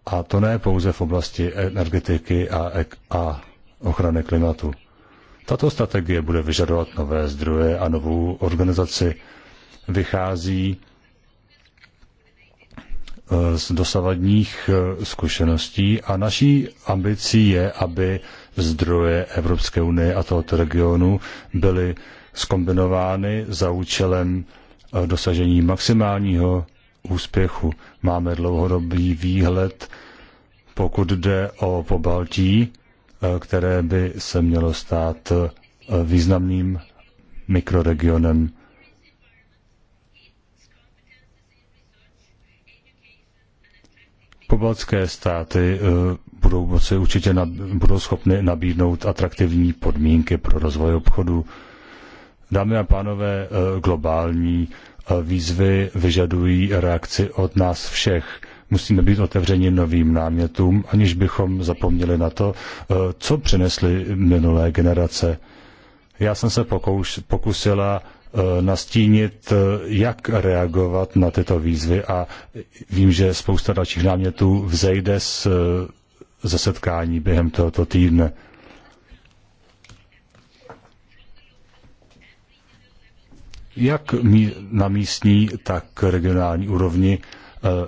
a to ne pouze v oblasti energetiky a, a ochrany klimatu. Tato strategie bude vyžadovat nové zdroje a novou organizaci. Vychází Eh, z dosavadních eh, zkušeností a naší ambicí je, aby zdroje Evropské unie a tohoto regionu byly skombinovány za účelem eh, dosažení maximálního úspěchu. Máme dlouhodobý výhled, pokud jde o pobaltí, které by se mělo stát významným mikroregionem pobaltské státy eh, budou moci určitě nad, budou schopny nabídnout atraktivní podmínky pro rozvoj obchodu. Dámy a pánové, eh, globální eh, výzvy vyžadují reakci od nás všech. Musíme být otevřeni novým námětům, aniž bychom zapomněli na to, co přinesly minulé generace. Já jsem se pokouš, pokusila Eh, nastínit, eh, jak reagovat na tyto výzvy a vím, že spousta dalších námětů vzejde z, eh, ze setkání během tohoto týdne. Jak na místní, tak regionální úrovni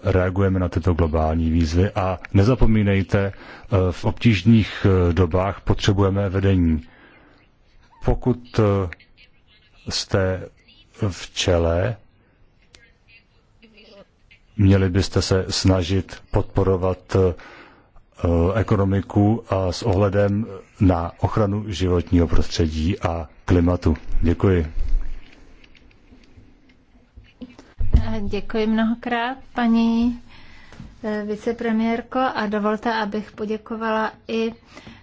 reagujeme na tyto globální výzvy a nezapomínejte, v obtížných dobách potřebujeme vedení. Pokud jste v čele, měli byste se snažit podporovat eh, ekonomiku a s ohledem na ochranu životního prostředí a klimatu. Děkuji. Děkuji mnohokrát, paní eh, vicepremiérko, a dovolte, abych poděkovala i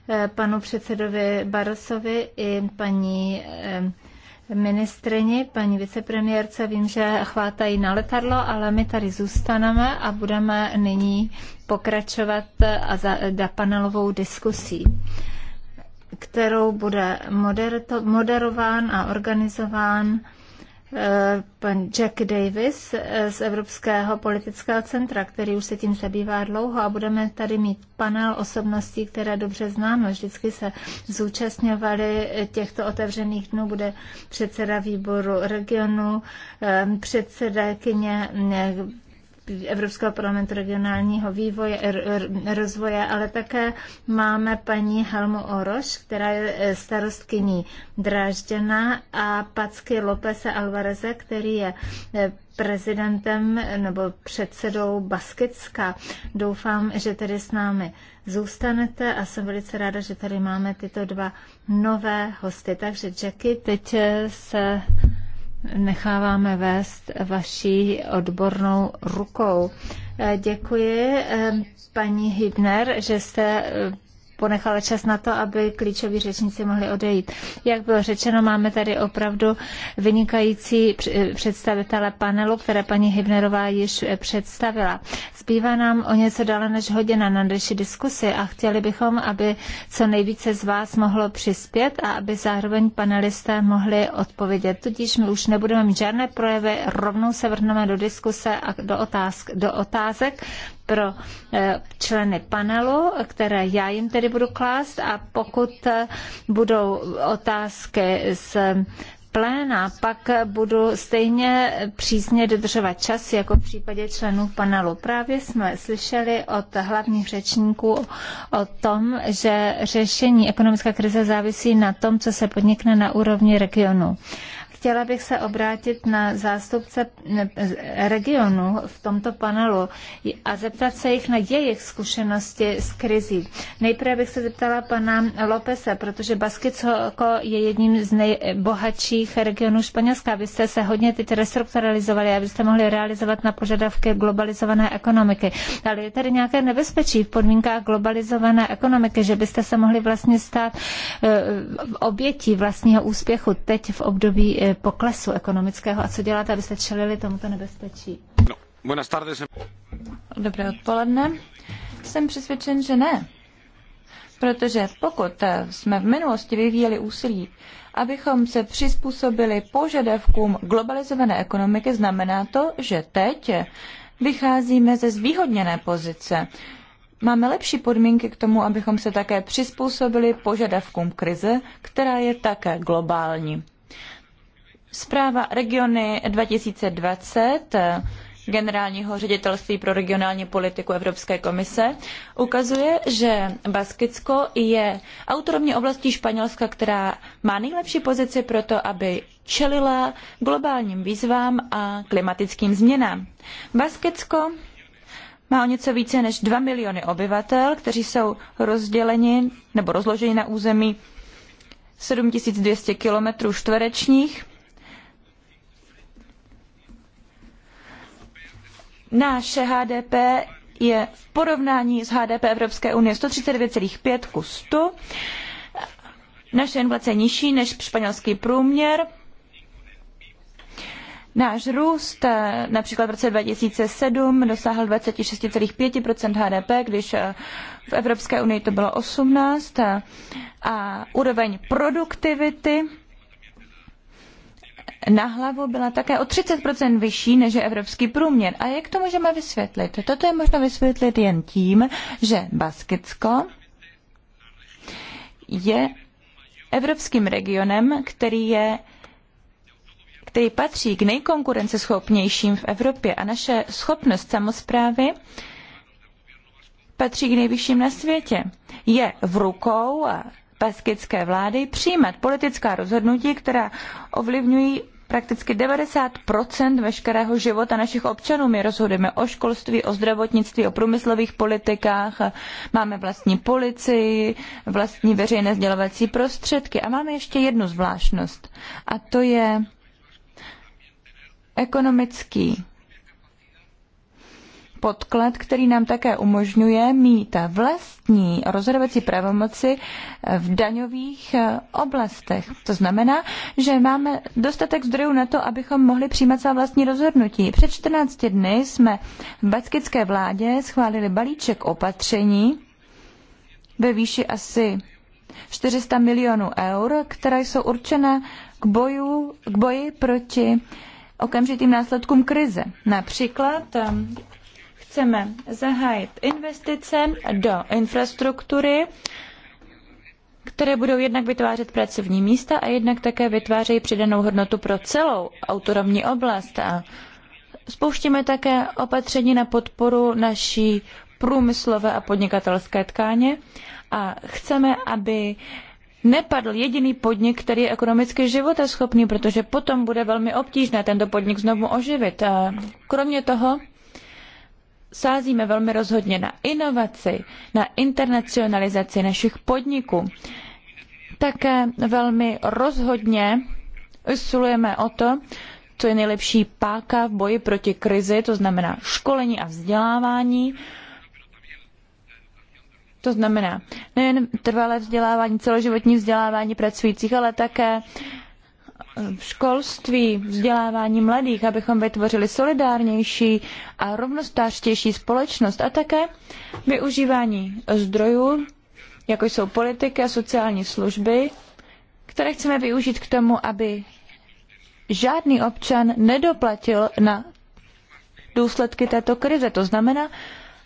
eh, panu předsedovi Barosovi i paní ministrini, paní vicepremiérce. Vím, že chvátají na letadlo, ale my tady zůstaneme a budeme nyní pokračovat a za, da panelovou diskusí kterou bude moderován a organizován Eh, pan Jack Davis eh, z Evropského politického centra, který už se tím zabývá dlouho a budeme tady mít panel osobností, které dobře známe. Vždycky se zúčastňovali těchto otevřených dnů. Bude předseda výboru regionu, eh, předsedkyně. Evropského parlamentu regionálního vývoje, er, er, rozvoje, ale také máme paní Helmu Oroš, která je e, starostkyní Drážděna a Packy Lopese Alvareze, který je e, prezidentem nebo předsedou Baskicka. Doufám, že tedy s námi zůstanete a jsem velice ráda, že tady máme tyto dva nové hosty. Takže Jackie, teď e, se necháváme vést vaší odbornou rukou. Děkuji, eh, paní Hybner, že jste eh, ponechala čas na to, aby klíčoví řečníci mohli odejít. Jak bylo řečeno, máme tady opravdu vynikající představitele panelu, které paní Hybnerová již představila. Zbývá nám o něco dále než hodina na naší diskusi a chtěli bychom, aby co nejvíce z vás mohlo přispět a aby zároveň panelisté mohli odpovědět. Tudíž my už nebudeme mít žádné projevy, rovnou se vrhneme do diskuse a do, otázk, do otázek pro eh, členy panelu, které já jim tedy budu klást a pokud eh, budou otázky z pléna, pak budu stejně přísně dodržovat čas, jako v případě členů panelu. Právě jsme slyšeli od hlavních řečníků o tom, že řešení ekonomické krize závisí na tom, co se podnikne na úrovni regionu. Chtěla bych se obrátit na zástupce regionu v tomto panelu a zeptat se jich na jejich zkušenosti s krizí. Nejprve bych se zeptala pana Lopese, protože Baskicoko je jedním z nejbohatších regionů Španělska. Vy jste se hodně teď restrukturalizovali, abyste mohli realizovat na požadavky globalizované ekonomiky. Ale je tady nějaké nebezpečí v podmínkách globalizované ekonomiky, že byste se mohli vlastně stát eh, obětí vlastního úspěchu teď v období eh, poklesu ekonomického a co děláte, abyste čelili tomuto nebezpečí? No, buenas tardes. Dobré odpoledne. Jsem přesvědčen, že ne. Protože pokud jsme v minulosti vyvíjeli úsilí, abychom se přizpůsobili požadavkům globalizované ekonomiky, znamená to, že teď vycházíme ze zvýhodněné pozice. Máme lepší podmínky k tomu, abychom se také přizpůsobili požadavkům krize, která je také globální. Zpráva Regiony 2020 generálního ředitelství pro regionální politiku Evropské komise ukazuje, že Baskicko je autonomní oblastí Španělska, která má nejlepší pozici pro to, aby čelila globálním výzvám a klimatickým změnám. Baskicko má o něco více než 2 miliony obyvatel, kteří jsou rozděleni nebo rozloženi na území 7200 kilometrů čtverečních náš HDP je v porovnání s HDP Evropské unie 139,5 ku 100. Naše inflace je nižší než španělský průměr. Náš růst eh, například v roce 2007 dosáhl 26,5 HDP, když eh, v Evropské unii to bylo 18. A úroveň produktivity na hlavu byla také o 30% vyšší než je evropský průměr. A jak to můžeme vysvětlit? Toto je možno vysvětlit jen tím, že Baskicko je evropským regionem, který je který patří k nejkonkurenceschopnějším v Evropě a naše schopnost samozprávy patří k nejvyšším na světě. Je v rukou baskické vlády přijímat politická rozhodnutí, která ovlivňují prakticky 90 veškerého života našich občanů. My rozhodujeme o školství, o zdravotnictví, o průmyslových politikách, máme vlastní policii, vlastní veřejné sdělovací prostředky a máme ještě jednu zvláštnost a to je ekonomický podklad, který nám také umožňuje mít vlastní rozhodovací pravomoci v daňových eh, oblastech. To znamená, že máme dostatek zdrojů na to, abychom mohli přijímat svá vlastní rozhodnutí. Před 14 dny jsme v baskické vládě schválili balíček opatření ve výši asi 400 milionů eur, které jsou určena k, boju, k boji proti okamžitým následkům krize. Například eh, chceme zahájit investice do infrastruktury, které budou jednak vytvářet pracovní místa a jednak také vytvářejí přidanou hodnotu pro celou autonomní oblast. A spouštíme také opatření na podporu naší průmyslové a podnikatelské tkáně a chceme, aby nepadl jediný podnik, který je ekonomicky životaschopný, protože potom bude velmi obtížné tento podnik znovu oživit. A kromě toho sázíme velmi rozhodně na inovaci, na internacionalizaci našich podniků. Také velmi rozhodně usilujeme o to, co je nejlepší páka v boji proti krizi, to znamená školení a vzdělávání. To znamená nejen trvalé vzdělávání, celoživotní vzdělávání pracujících, ale také uh, školství, vzdělávání mladých, abychom vytvořili solidárnější a rovnostářtější společnost a také využívání zdrojů, jako jsou politiky a sociální služby, které chceme využít k tomu, aby žádný občan nedoplatil na důsledky této krize. To znamená,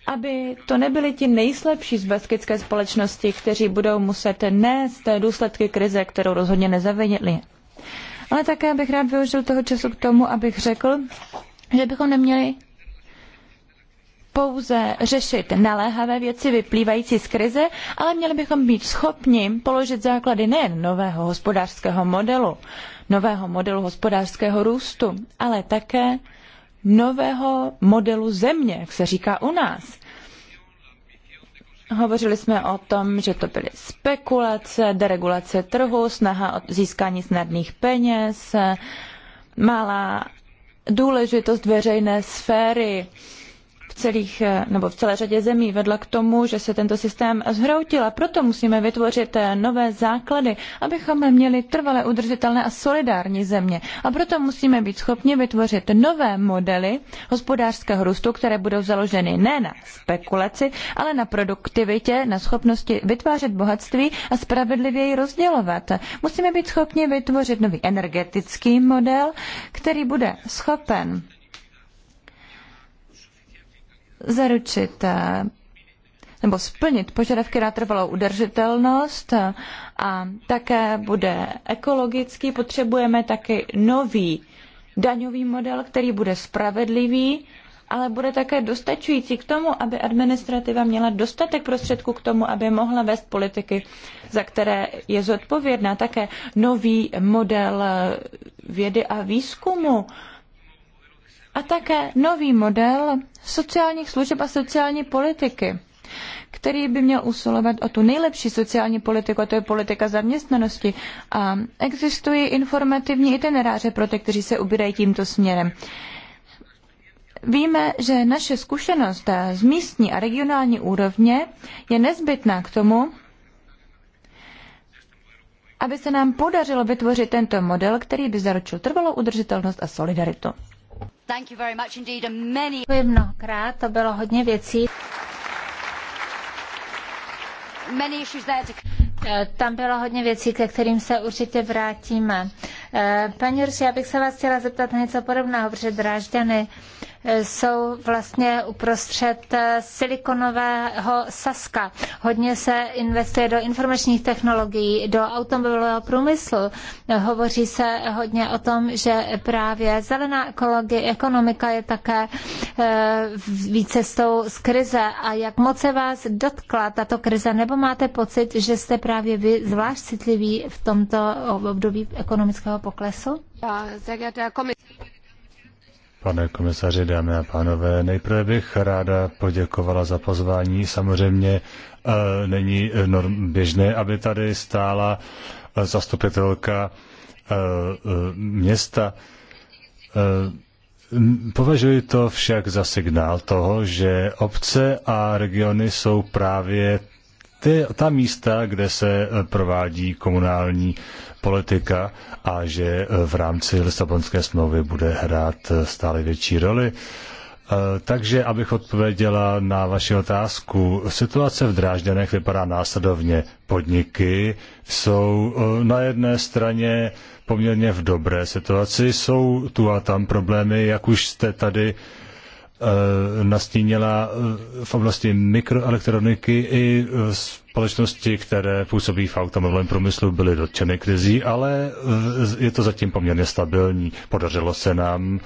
aby to nebyli ti nejslabší z baskické společnosti, kteří budou muset nést důsledky krize, kterou rozhodně nezavinili. Ale také bych rád využil toho času k tomu, abych řekl, že bychom neměli pouze řešit naléhavé věci vyplývající z krize, ale měli bychom být schopni položit základy nejen nového hospodářského modelu, nového modelu hospodářského růstu, ale také nového modelu země, jak se říká u nás. Hovořili jsme o tom, že to byly spekulace, deregulace trhu, snaha o získání snadných peněz, malá důležitost veřejné sféry v, celých, eh, nebo v celé řadě zemí vedla k tomu, že se tento systém zhroutil a proto musíme vytvořit eh, nové základy, abychom měli trvale udržitelné a solidární země. A proto musíme být schopni vytvořit nové modely hospodářského růstu, které budou založeny ne na spekulaci, ale na produktivitě, na schopnosti vytvářet bohatství a spravedlivěji rozdělovat. Musíme být schopni vytvořit nový energetický model, který bude schopen zaručit eh, nebo splnit požadavky na trvalou udržitelnost eh, a také bude ekologický. Potřebujeme taky nový daňový model, který bude spravedlivý, ale bude také dostačující k tomu, aby administrativa měla dostatek prostředků k tomu, aby mohla vést politiky, za které je zodpovědná. Také nový model eh, vědy a výzkumu a také nový model sociálních služeb a sociální politiky, který by měl usilovat o tu nejlepší sociální politiku, a to je politika zaměstnanosti. A existují informativní itineráře pro ty, kteří se ubírají tímto směrem. Víme, že naše zkušenost z místní a regionální úrovně je nezbytná k tomu, aby se nám podařilo vytvořit tento model, který by zaručil trvalou udržitelnost a solidaritu. Děkuji mnohokrát, to bylo hodně věcí. Eh, tam bylo hodně věcí, ke kterým se určitě vrátíme. Eh, paní Urši, já bych se vás chtěla zeptat na něco podobného, protože Drážďany jsou vlastně uprostřed eh, silikonového saska. Hodně se investuje do informačních technologií, do automobilového průmyslu. Hovoří se hodně o tom, že právě zelená ekologie, ekonomika je také eh, výcestou z krize a jak moc se vás dotkla tato krize, nebo máte pocit, že jste právě vy zvlášť citliví v tomto období ekonomického poklesu? Pane komisaři, dámy a pánové, nejprve bych ráda poděkovala za pozvání. Samozřejmě eh, není eh, norm běžné, aby tady stála eh, zastupitelka města. Považuji to však za signál toho, že obce a regiony jsou právě ty, ta místa, kde se eh, provádí komunální politika a že eh, v rámci Lisabonské smlouvy bude hrát eh, stále větší roli. Takže, abych odpověděla na vaši otázku, situace v Drážďanech vypadá následovně. Podniky jsou na jedné straně poměrně v dobré situaci, jsou tu a tam problémy, jak už jste tady Eh, nastínila eh, v oblasti mikroelektroniky i eh, společnosti, které působí v automobilovém průmyslu, byly dotčeny krizí, ale je to zatím poměrně stabilní. Podařilo se nám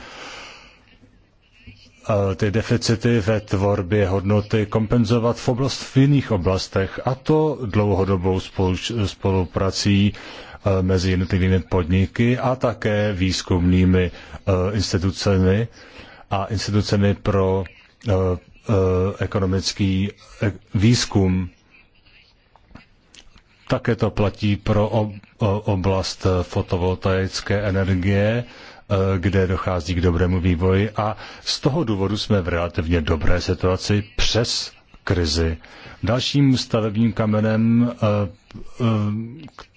ty deficity ve tvorbě hodnoty kompenzovat v, oblast, v jiných oblastech, a to dlouhodobou spoluprací mezi jednotlivými podniky a také výzkumnými institucemi, a institucemi pro eh, eh, ekonomický eh, výzkum. Také to platí pro oblast fotovoltaické energie, kde dochází k dobrému vývoji a z toho důvodu jsme v relativně dobré situaci přes krizi. Dalším stavebním kamenem, eh, eh,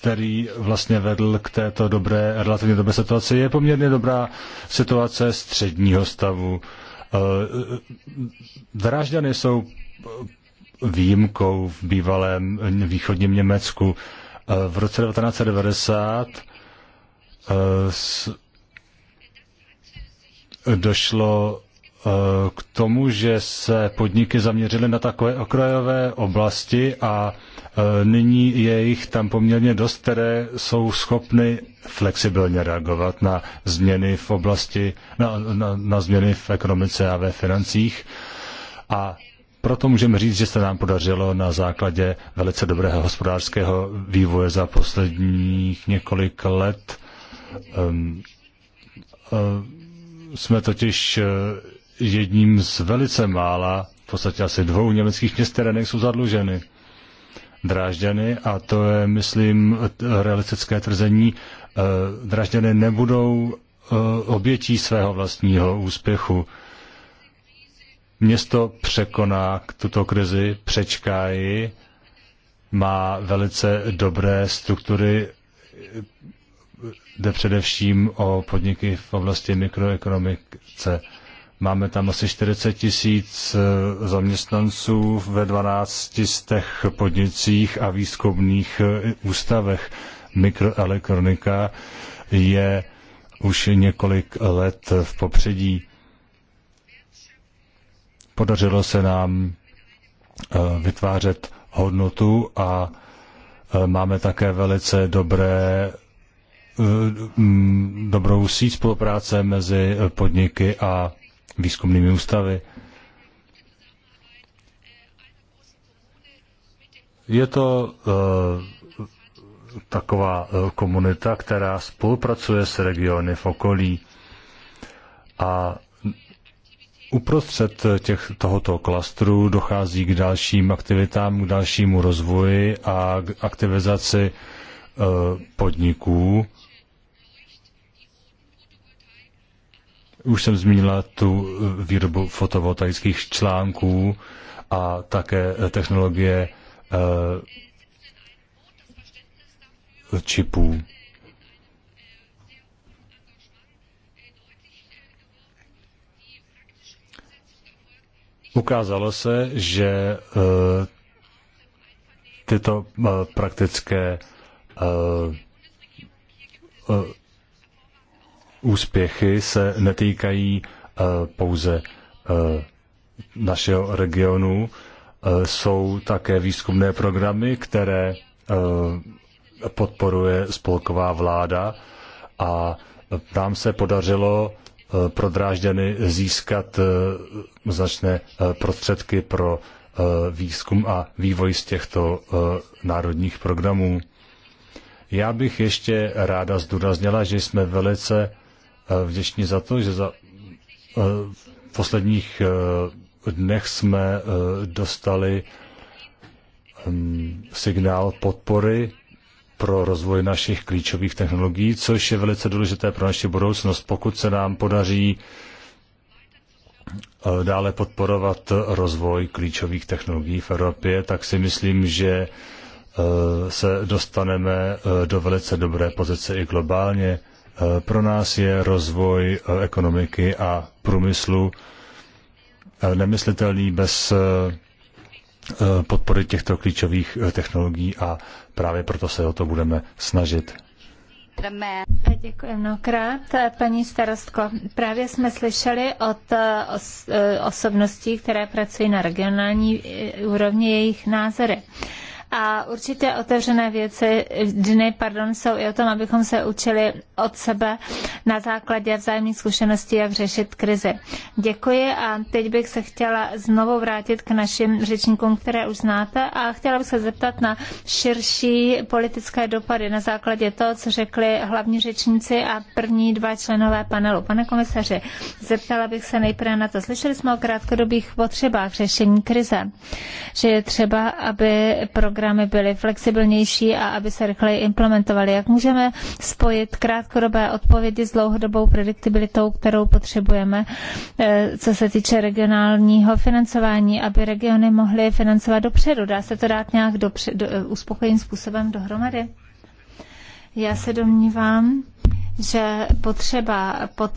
který vlastně vedl k této dobré, relativně dobré situaci, je poměrně dobrá situace středního stavu. Eh, Drážďany jsou výjimkou v bývalém východním Německu. V roce 1990 došlo k tomu, že se podniky zaměřily na takové okrajové oblasti a e, nyní je jich tam poměrně dost, které jsou schopny flexibilně reagovat na změny v oblasti, na, na, na změny v ekonomice a ve financích. A proto můžeme říct, že se nám podařilo na základě velice dobrého hospodářského vývoje za posledních několik let. Um, um, jsme totiž jedním z velice mála, v podstatě asi dvou německých měst, které nejsou zadluženy. Drážďany, a to je, myslím, realistické tvrzení, eh, Drážďany nebudou eh, obětí svého vlastního úspěchu. Město překoná tuto krizi, přečká ji, má velice dobré struktury, jde především o podniky v oblasti mikroekonomice. Máme tam asi 40 tisíc eh, zaměstnanců ve 12 z těch podnicích a výzkumných eh, ústavech. Mikroelektronika je už několik let v popředí. Podařilo se nám eh, vytvářet hodnotu a máme také velice dobré dobrou síť spolupráce mezi podniky a výzkumnými ústavy. Je to uh, taková uh, komunita, která spolupracuje s regiony v okolí a Uprostřed těch, tohoto klastru dochází k dalším aktivitám, k dalšímu rozvoji a k aktivizaci eh, podniků Už jsem zmínila tu eh, výrobu fotovoltaických článků a také eh, technologie eh, čipů. Ukázalo se, že tyto praktické úspěchy se netýkají eh, pouze eh, našeho regionu. Eh, jsou také výzkumné programy, které podporuje spolková vláda a nám se podařilo pro Drážďany získat značné prostředky pro výzkum a vývoj z těchto národních programů. Já bych ještě ráda zdůraznila, že jsme velice vděční za to, že za eh, posledních eh, dnech jsme eh, dostali mm, signál podpory pro rozvoj našich klíčových technologií, což je velice důležité pro naši budoucnost. Pokud se nám podaří dále podporovat rozvoj klíčových technologií v Evropě, tak si myslím, že se dostaneme do velice dobré pozice i globálně. Eh, pro nás je rozvoj eh, ekonomiky a průmyslu eh, nemyslitelný bez podpory těchto klíčových technologií a právě proto se o to budeme snažit. Děkuji mnohokrát, paní starostko. Právě jsme slyšeli od osobností, které pracují na regionální úrovni, jejich názory. A určitě otevřené věci, dny, pardon, jsou i o tom, abychom se učili od sebe na základě vzájemných zkušeností, jak řešit krizi. Děkuji a teď bych se chtěla znovu vrátit k našim řečníkům, které už znáte a chtěla bych se zeptat na širší politické dopady na základě toho, co řekli hlavní řečníci a první dva členové panelu. Pane komisaři, zeptala bych se nejprve na to. Slyšeli jsme o krátkodobých potřebách řešení krize, že je třeba, aby program programy byly flexibilnější a aby se rychleji implementovaly. Jak můžeme spojit krátkodobé odpovědi s dlouhodobou prediktibilitou, kterou potřebujeme, eh, co se týče regionálního financování, aby regiony mohly financovat dopředu? Dá se to dát nějak dopře- do, eh, uspokojivým způsobem dohromady? Já se domnívám, že potřeba pod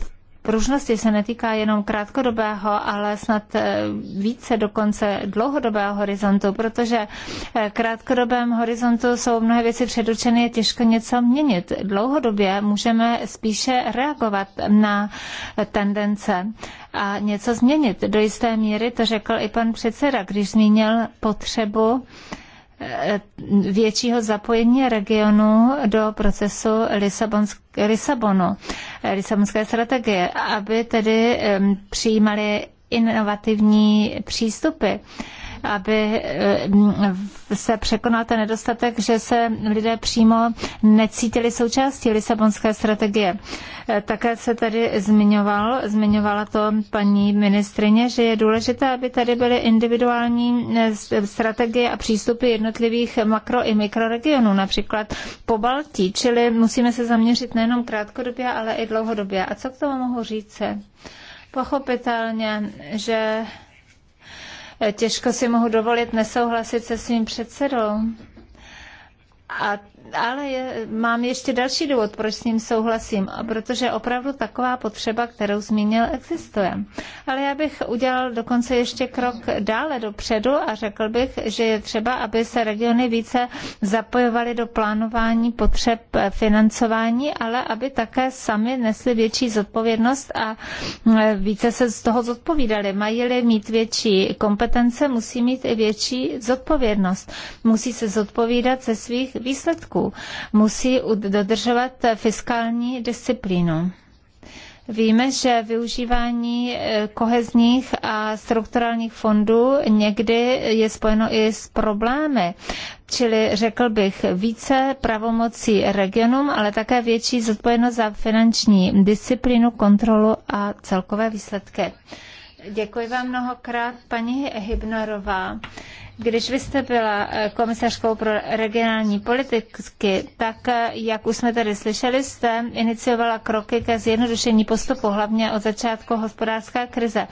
pružnosti se netýká jenom krátkodobého, ale snad eh, více dokonce dlouhodobého horizontu, protože eh, krátkodobém horizontu jsou mnohé věci předurčeny, je těžko něco měnit. Dlouhodobě můžeme spíše reagovat na eh, tendence a něco změnit. Do jisté míry to řekl i pan předseda, když zmínil potřebu většího zapojení regionu do procesu Lisabonu, Lisabonské strategie, aby tedy přijímali inovativní přístupy aby eh, se překonal ten nedostatek, že se lidé přímo necítili součástí Lisabonské strategie. Eh, také se tady zmiňoval, zmiňovala to paní ministrině, že je důležité, aby tady byly individuální eh, strategie a přístupy jednotlivých makro i mikroregionů, například po Baltí, čili musíme se zaměřit nejenom krátkodobě, ale i dlouhodobě. A co k tomu mohu říct? Pochopitelně, že Eh, těžko si mohu dovolit nesouhlasit se svým předsedou. A ale je, mám ještě další důvod, proč s ním souhlasím, protože opravdu taková potřeba, kterou zmínil, existuje. Ale já bych udělal dokonce ještě krok dále dopředu a řekl bych, že je třeba, aby se regiony více zapojovaly do plánování potřeb financování, ale aby také sami nesli větší zodpovědnost a více se z toho zodpovídali. Mají-li mít větší kompetence, musí mít i větší zodpovědnost. Musí se zodpovídat ze svých výsledků podniků. Musí dodržovat fiskální disciplínu. Víme, že využívání e, kohezních a strukturálních fondů někdy je spojeno i s problémy. Čili řekl bych více pravomocí regionům, ale také větší zodpovědnost za finanční disciplínu, kontrolu a celkové výsledky. Děkuji vám mnohokrát, paní Hybnerová. Když vy jste byla eh, komisařkou pro regionální politiky, tak, eh, jak už jsme tady slyšeli, jste iniciovala kroky ke zjednodušení postupu, hlavně od začátku hospodářské krize.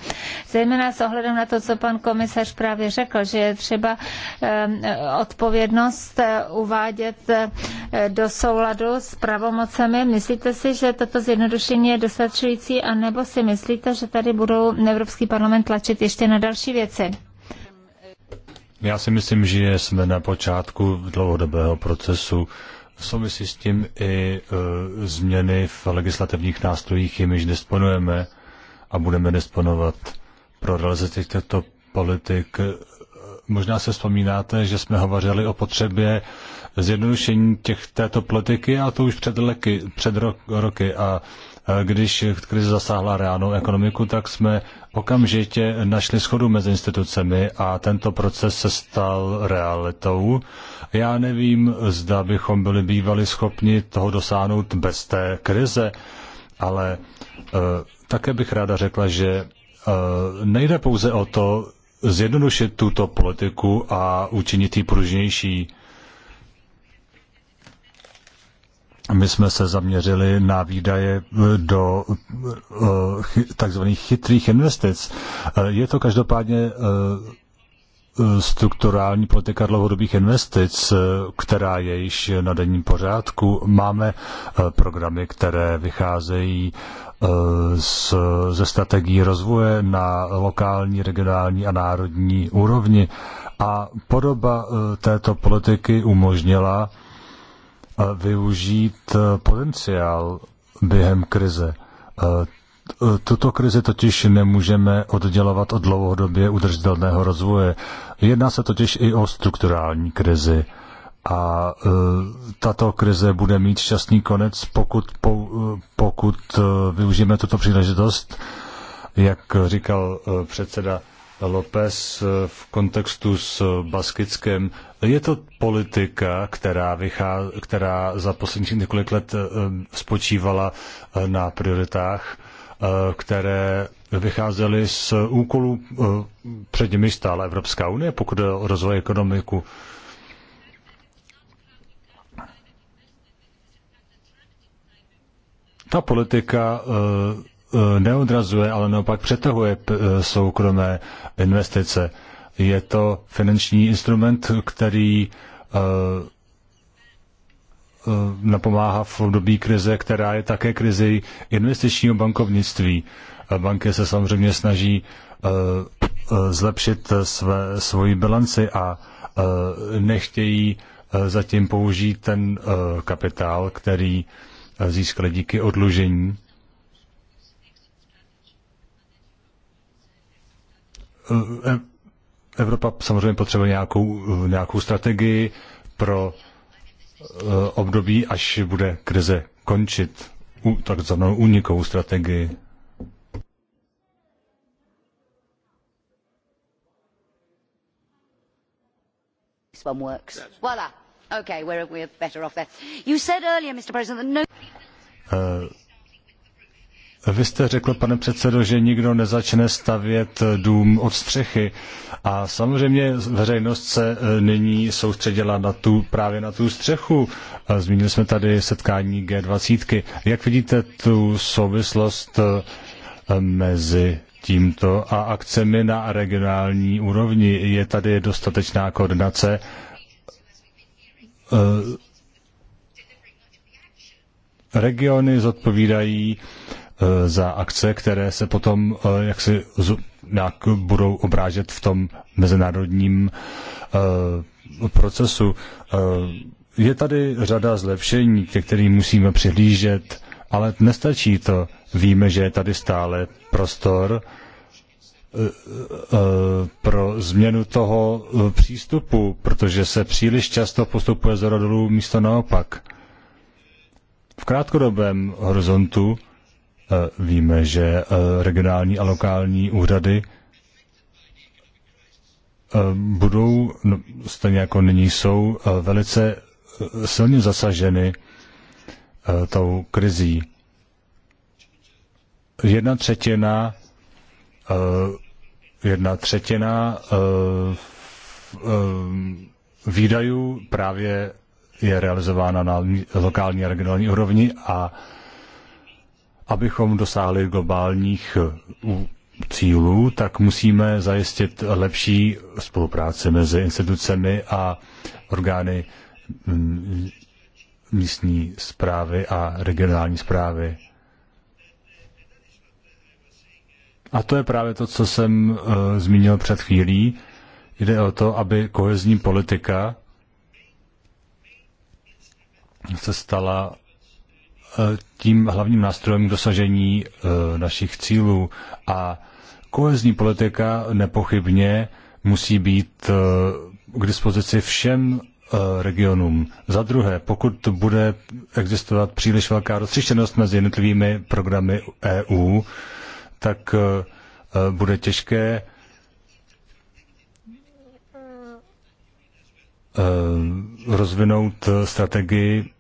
Zejména s ohledem na to, co pan komisař právě řekl, že je třeba eh, odpovědnost uvádět do souladu s pravomocemi. Myslíte si, že toto zjednodušení je dostačující, anebo si myslíte, že tady budou Evropský parlament tlačit ještě na další věci? Já si myslím, že jsme na počátku dlouhodobého procesu. Souvisí s tím i e, změny v legislativních nástrojích, jimiž disponujeme a budeme disponovat pro realizaci těchto politik. E, možná se vzpomínáte, že jsme hovořili o potřebě zjednodušení těch, této politiky a to už před, leky, před ro, roky a Eh, když krize zasáhla reálnou ekonomiku, tak jsme okamžitě našli schodu mezi institucemi a tento proces se stal realitou. Já nevím, zda bychom byli bývali schopni toho dosáhnout bez té krize, ale eh, také bych ráda řekla, že eh, nejde pouze o to zjednodušit tuto politiku a učinit ji pružnější. My jsme se zaměřili na výdaje eh, do eh, takzvaných chytrých investic. Eh, je to každopádně strukturální politika dlouhodobých investic, která je již na denním pořádku. Máme programy, které vycházejí z, ze strategií rozvoje na lokální, regionální a národní úrovni. A podoba této politiky umožnila využít eh, potenciál během krize. Eh, eh, tuto krizi totiž nemůžeme oddělovat od dlouhodobě udržitelného rozvoje. Jedná se totiž i o strukturální krizi. A tato krize bude mít šťastný konec, pokud, pokud využijeme tuto příležitost, jak říkal předseda López eh, v kontextu s Baskickem. Je to politika, která, vychá, která za posledních několik let eh, spočívala eh, na prioritách, které vycházely z úkolů, před nimi stála Evropská unie, pokud je o rozvoj ekonomiku. Ta politika Eh, neodrazuje, ale naopak přetahuje eh, soukromé investice. Je to finanční instrument, který eh, napomáhá v období krize, která je také krizi investičního bankovnictví. Banky se samozřejmě snaží zlepšit své, svoji bilanci a nechtějí zatím použít ten kapitál, který získali díky odlužení. Eh, eh, Evropa samozřejmě potřebuje nějakou, nějakou strategii pro eh, období, až bude krize končit, takzvanou únikovou strategii. Uh, vy jste řekl, pane předsedo, že nikdo nezačne stavět dům od střechy. A samozřejmě veřejnost se e, nyní soustředila na tu, právě na tu střechu. E, zmínili jsme tady setkání G20. Jak vidíte tu souvislost e, mezi tímto a akcemi na regionální úrovni? Je tady dostatečná koordinace? Regiony zodpovídají Eh, za akce, které se potom eh, jak si nějak budou obrážet v tom mezinárodním eh, procesu. Je tady řada zlepšení, ke kterým musíme přihlížet, ale nestačí to. Víme, že je tady stále prostor pro změnu toho přístupu, protože se příliš často postupuje z dolů místo naopak. V krátkodobém horizontu Eh, víme, že eh, regionální a lokální úřady eh, budou, no, stejně jako nyní jsou, velice silně zasaženy tou krizí. Jedna třetina, jedna třetina výdajů právě je realizována na lokální a regionální úrovni a abychom dosáhli globálních eh, cílů, tak musíme zajistit lepší spolupráci mezi institucemi a orgány mm, místní zprávy a regionální zprávy. A to je právě to, co jsem uh, zmínil před chvílí. Jde o to, aby kohezní politika se stala tím hlavním nástrojem k dosažení eh, našich cílů. A kohezní politika nepochybně musí být eh, k dispozici všem eh, regionům. Za druhé, pokud bude existovat příliš velká roztřištěnost mezi jednotlivými programy EU, tak bude těžké rozvinout strategii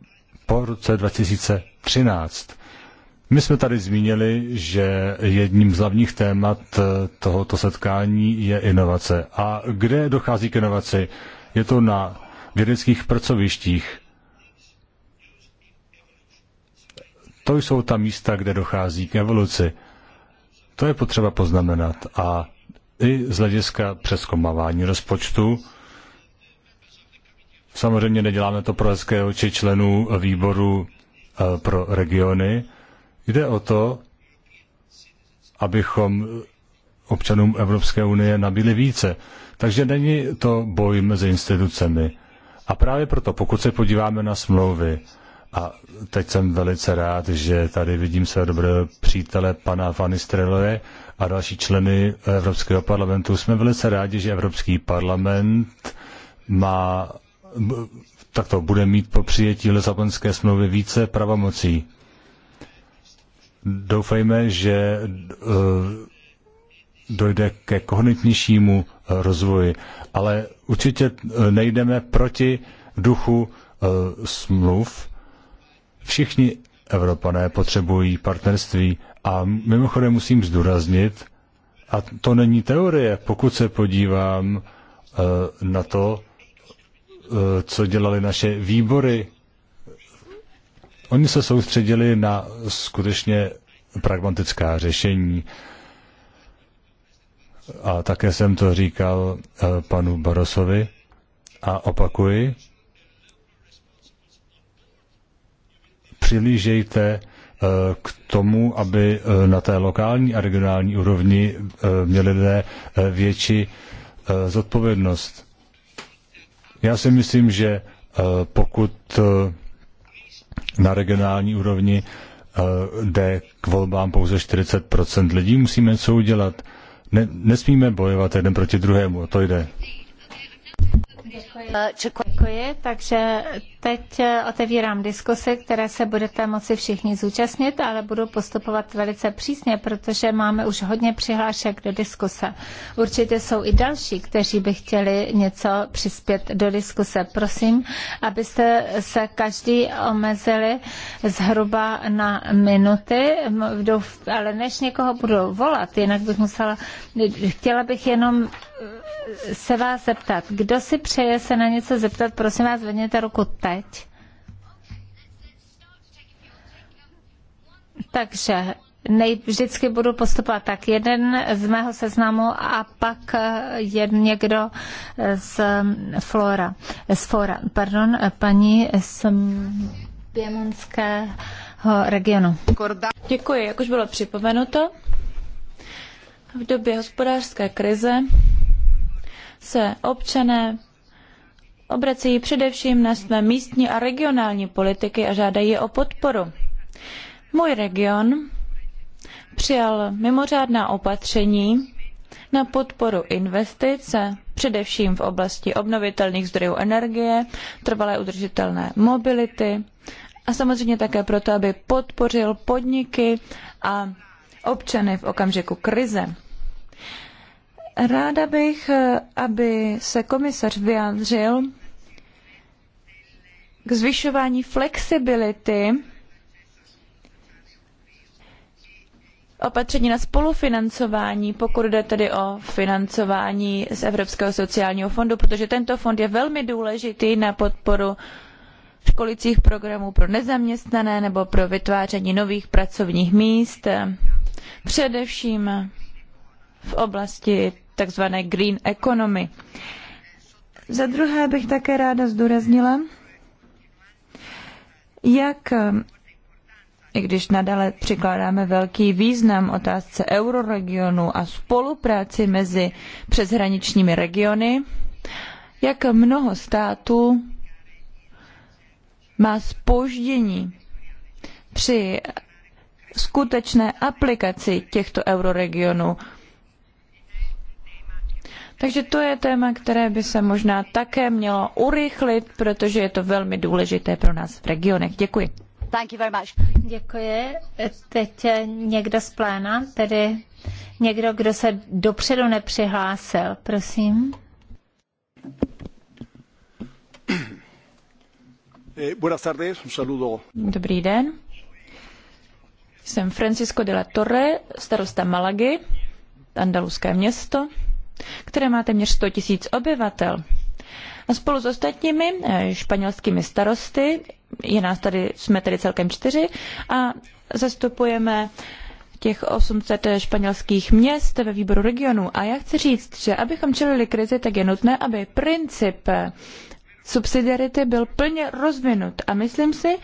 po roce 2000 13. My jsme tady zmínili, že jedním z hlavních témat eh, tohoto setkání je inovace. A kde dochází k inovaci? Je to na vědeckých pracovištích. To jsou ta místa, kde dochází k evoluci. To je potřeba poznamenat. A i z hlediska přeskomávání rozpočtu, samozřejmě neděláme to pro hezké oči členů výboru Eh, pro regiony. Jde o to, abychom občanům Evropské unie nabili více. Takže není to boj mezi institucemi. A právě proto, pokud se podíváme na smlouvy, a teď jsem velice rád, že tady vidím své dobré přítele pana Fanistreloje a další členy Evropského parlamentu. Jsme velice rádi, že Evropský parlament má tak to bude mít po přijetí Lisabonské smlouvy více pravomocí. Doufejme, že e, dojde ke kognitnějšímu rozvoji, ale určitě e, nejdeme proti duchu e, smluv. Všichni Evropané potřebují partnerství a mimochodem musím zdůraznit, a to není teorie, pokud se podívám na to, Eh, co dělali naše výbory. Oni se soustředili na skutečně pragmatická řešení. A také jsem to říkal eh, panu Barosovi a opakuji, přilížejte eh, k tomu, aby na té lokální a regionální úrovni měli lidé větší zodpovědnost. Já si myslím, že eh, pokud eh, na regionální úrovni eh, jde k volbám pouze 40 lidí, musíme něco udělat. Ne, nesmíme bojovat jeden proti druhému, o to jde. Eh, Děkuji. Takže teď eh, otevírám diskusi, které se budete moci všichni zúčastnit, ale budu postupovat velice přísně, protože máme už hodně přihlášek do diskuse. Určitě jsou i další, kteří by chtěli něco přispět do diskuse. Prosím, abyste se každý omezili zhruba na minuty, ale než někoho budu volat, jinak bych musela, chtěla bych jenom se vás zeptat. Kdo si přeje se na něco zeptat, prosím vás, zvedněte ruku teď. Takže nej, vždycky budu postupovat tak. Jeden z mého seznamu a pak jeden někdo z Flora, z Fora, pardon, paní z Piemonského regionu. Děkuji, jak už bylo připomenuto. V době hospodářské krize se občané obracejí především na své místní a regionální politiky a žádají o podporu. Můj region přijal mimořádná opatření na podporu investic, především v oblasti obnovitelných zdrojů energie, trvalé udržitelné mobility a samozřejmě také proto, aby podpořil podniky a občany v okamžiku krize. Ráda bych, eh, aby se komisař vyjádřil k zvyšování flexibility opatření na spolufinancování, pokud jde tedy o financování z Evropského sociálního fondu, protože tento fond je velmi důležitý na podporu školicích programů pro nezaměstnané nebo pro vytváření nových pracovních míst, eh, především v oblasti takzvané green economy. Za druhé bych také ráda zdůraznila, jak, i když nadále přikládáme velký význam otázce euroregionu a spolupráci mezi přeshraničními regiony, jak mnoho států má spoždění při skutečné aplikaci těchto euroregionů takže to je téma, které by se možná také mělo urychlit, protože je to velmi důležité pro nás v regionech. Děkuji. Thank you very much. Děkuji. Teď někdo z pléna, tedy někdo, kdo se dopředu nepřihlásil. Prosím. Eh, tardes, saludo. Dobrý den. Jsem Francisco de la Torre, starosta Malagy, andaluské město které má téměř 100 tisíc obyvatel. A spolu s ostatními eh, španělskými starosty, je nás tady, jsme tady celkem čtyři, a zastupujeme těch 800 eh, španělských měst ve výboru regionu. A já chci říct, že abychom čelili krizi, tak je nutné, aby princip eh, subsidiarity byl plně rozvinut. A myslím si,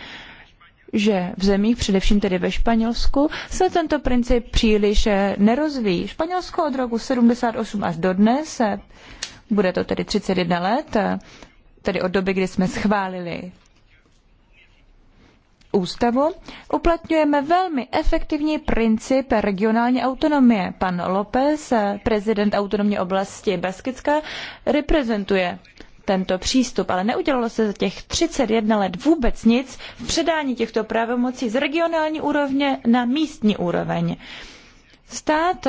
že v zemích, především tedy ve Španělsku, se tento princip příliš eh, nerozvíjí. Španělsko od roku 78 až do dnes, eh, bude to tedy 31 let, eh, tedy od doby, kdy jsme schválili ústavu, uplatňujeme velmi efektivní princip regionální autonomie. Pan López, prezident autonomní oblasti Baskická, reprezentuje tento přístup, ale neudělalo se za těch 31 let vůbec nic v předání těchto pravomocí z regionální úrovně na místní úroveň. Stát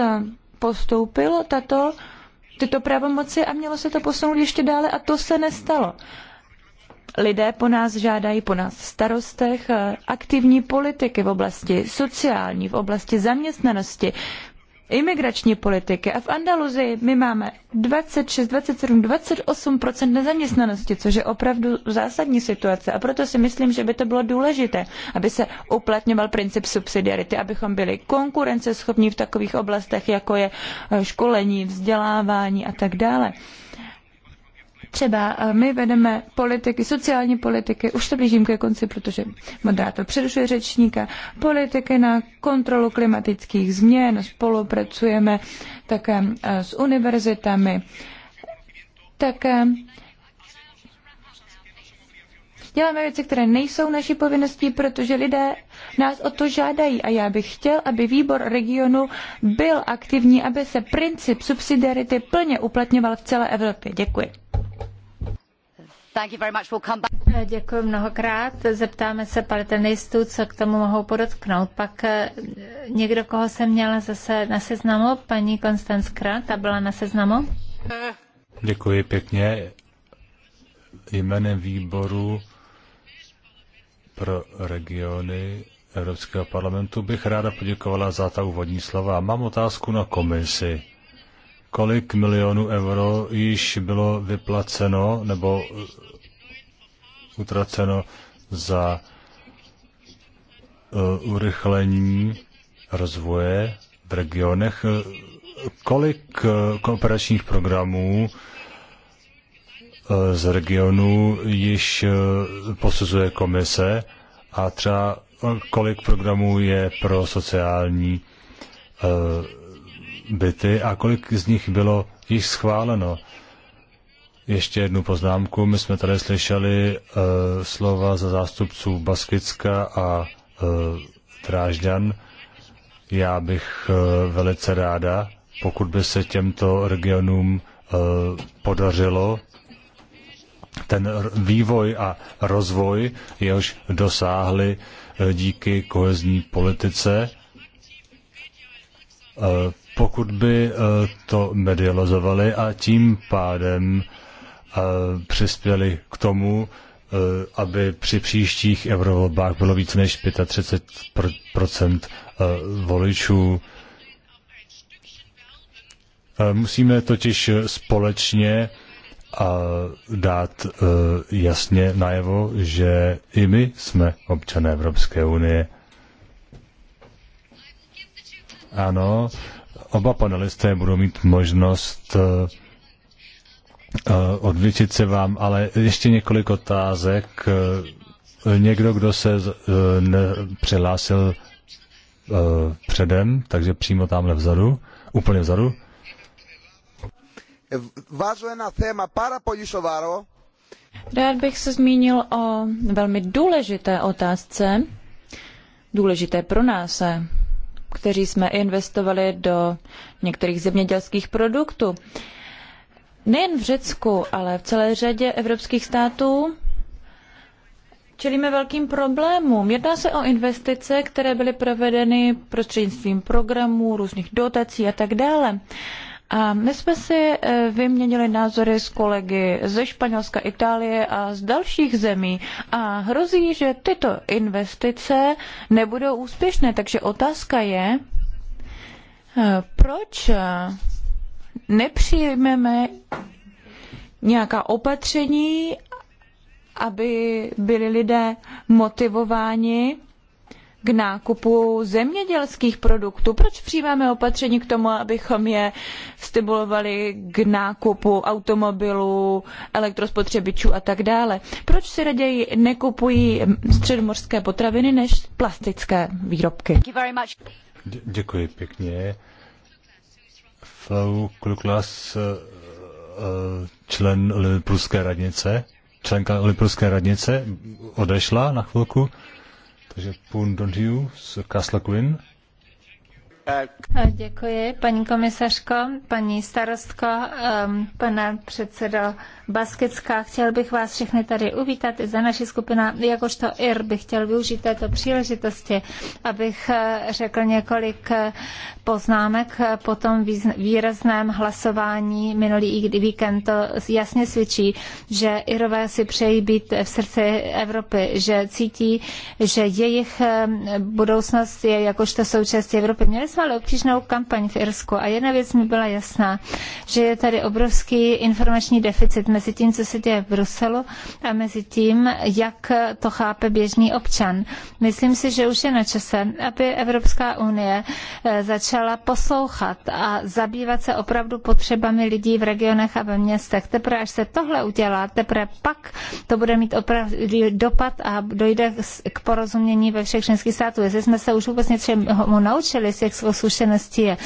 postoupil tato, tyto pravomoci a mělo se to posunout ještě dále a to se nestalo. Lidé po nás žádají, po nás starostech, eh, aktivní politiky v oblasti sociální, v oblasti zaměstnanosti, imigrační politiky. A v Andaluzii my máme 26, 27, 28 nezaměstnanosti, což je opravdu zásadní situace. A proto si myslím, že by to bylo důležité, aby se uplatňoval princip subsidiarity, abychom byli konkurenceschopní v takových oblastech, jako je školení, vzdělávání a tak dále. Třeba eh, my vedeme politiky, sociální politiky, už se blížím ke konci, protože moderátor přerušuje řečníka, politiky na kontrolu klimatických změn, spolupracujeme také eh, s univerzitami, také Děláme věci, které nejsou naší povinností, protože lidé nás o to žádají a já bych chtěl, aby výbor regionu byl aktivní, aby se princip subsidiarity plně uplatňoval v celé Evropě. Děkuji. Eh, děkuji mnohokrát. Zeptáme se paletenistů, co k tomu mohou podotknout. Pak eh, někdo, koho jsem měla zase na seznamu, paní Konstanz Kra, ta byla na seznamu. Děkuji pěkně. Jménem výboru pro regiony Evropského parlamentu bych ráda poděkovala za ta úvodní slova. Mám otázku na komisi kolik milionů euro již bylo vyplaceno nebo utraceno za eh, urychlení rozvoje v regionech. Kolik eh, kooperačních programů eh, z regionu již posuzuje komise a třeba kolik programů je pro sociální byty a kolik z nich bylo již schváleno. Ještě jednu poznámku. My jsme tady slyšeli uh, slova za zástupců Baskicka a uh, Drážďan. Já bych uh, velice ráda, pokud by se těmto regionům uh, podařilo ten vývoj a rozvoj, jehož dosáhli díky kohezní politice, pokud by eh, to medializovali a tím pádem eh, přispěli k tomu, eh, aby při příštích eurovolbách bylo více než 35 voličů. Musíme totiž společně a dát jasně najevo, že i my jsme občané Evropské unie. Ano, oba panelisté budou mít možnost eh, eh, odvěčit se vám, ale ještě několik otázek. Eh, někdo, kdo se přihlásil předem, takže přímo tamhle vzadu, úplně vzadu. Vážu na téma para polišováro. Rád bych se zmínil o velmi důležité otázce, důležité pro nás, kteří jsme investovali do některých zemědělských produktů. Nejen v Řecku, ale v celé řadě evropských států čelíme velkým problémům. Jedná se o investice, které byly provedeny prostřednictvím programů, různých dotací a tak dále. A my jsme si eh, vyměnili názory s kolegy ze Španělska, Itálie a z dalších zemí a hrozí, že tyto investice nebudou úspěšné. Takže otázka je, eh, proč eh, nepřijmeme nějaká opatření, aby byli lidé motivováni k nákupu zemědělských produktů? Proč přijímáme opatření k tomu, abychom je stimulovali k nákupu automobilů, elektrospotřebičů a tak dále? Proč si raději nekupují středomorské potraviny než plastické výrobky? Děkuji pěkně. Flau Kluklas, eh, eh, člen Liverpoolské radnice, členka Liverpoolské radnice, odešla na chvilku. Takže Poon Donhue z Castle Quinn. Eh, děkuji, paní komisařko, paní starostko, ehm, pane předsedo Baskická. Chtěl bych vás všechny tady uvítat i za naši skupina. Jakožto IR bych chtěl využít této příležitosti, abych eh, řekl několik eh, poznámek eh, po tom výrazném hlasování minulý víkend. To jasně svědčí, že Irové si přejí být v srdci Evropy, že cítí, že jejich budoucnost je jakožto součástí Evropy. Měli jsme ale obtížnou kampaň v Irsku a jedna věc mi byla jasná, že je tady obrovský informační deficit mezi mezi tím, co se děje v Bruselu a mezi tím, jak to chápe běžný občan. Myslím si, že už je na čase, aby Evropská unie eh, začala poslouchat a zabývat se opravdu potřebami lidí v regionech a ve městech. Teprve až se tohle udělá, teprve pak to bude mít opravdu dopad a dojde k porozumění ve všech členských států. Jestli jsme se už vůbec něčemu naučili z těch zkušeností, je.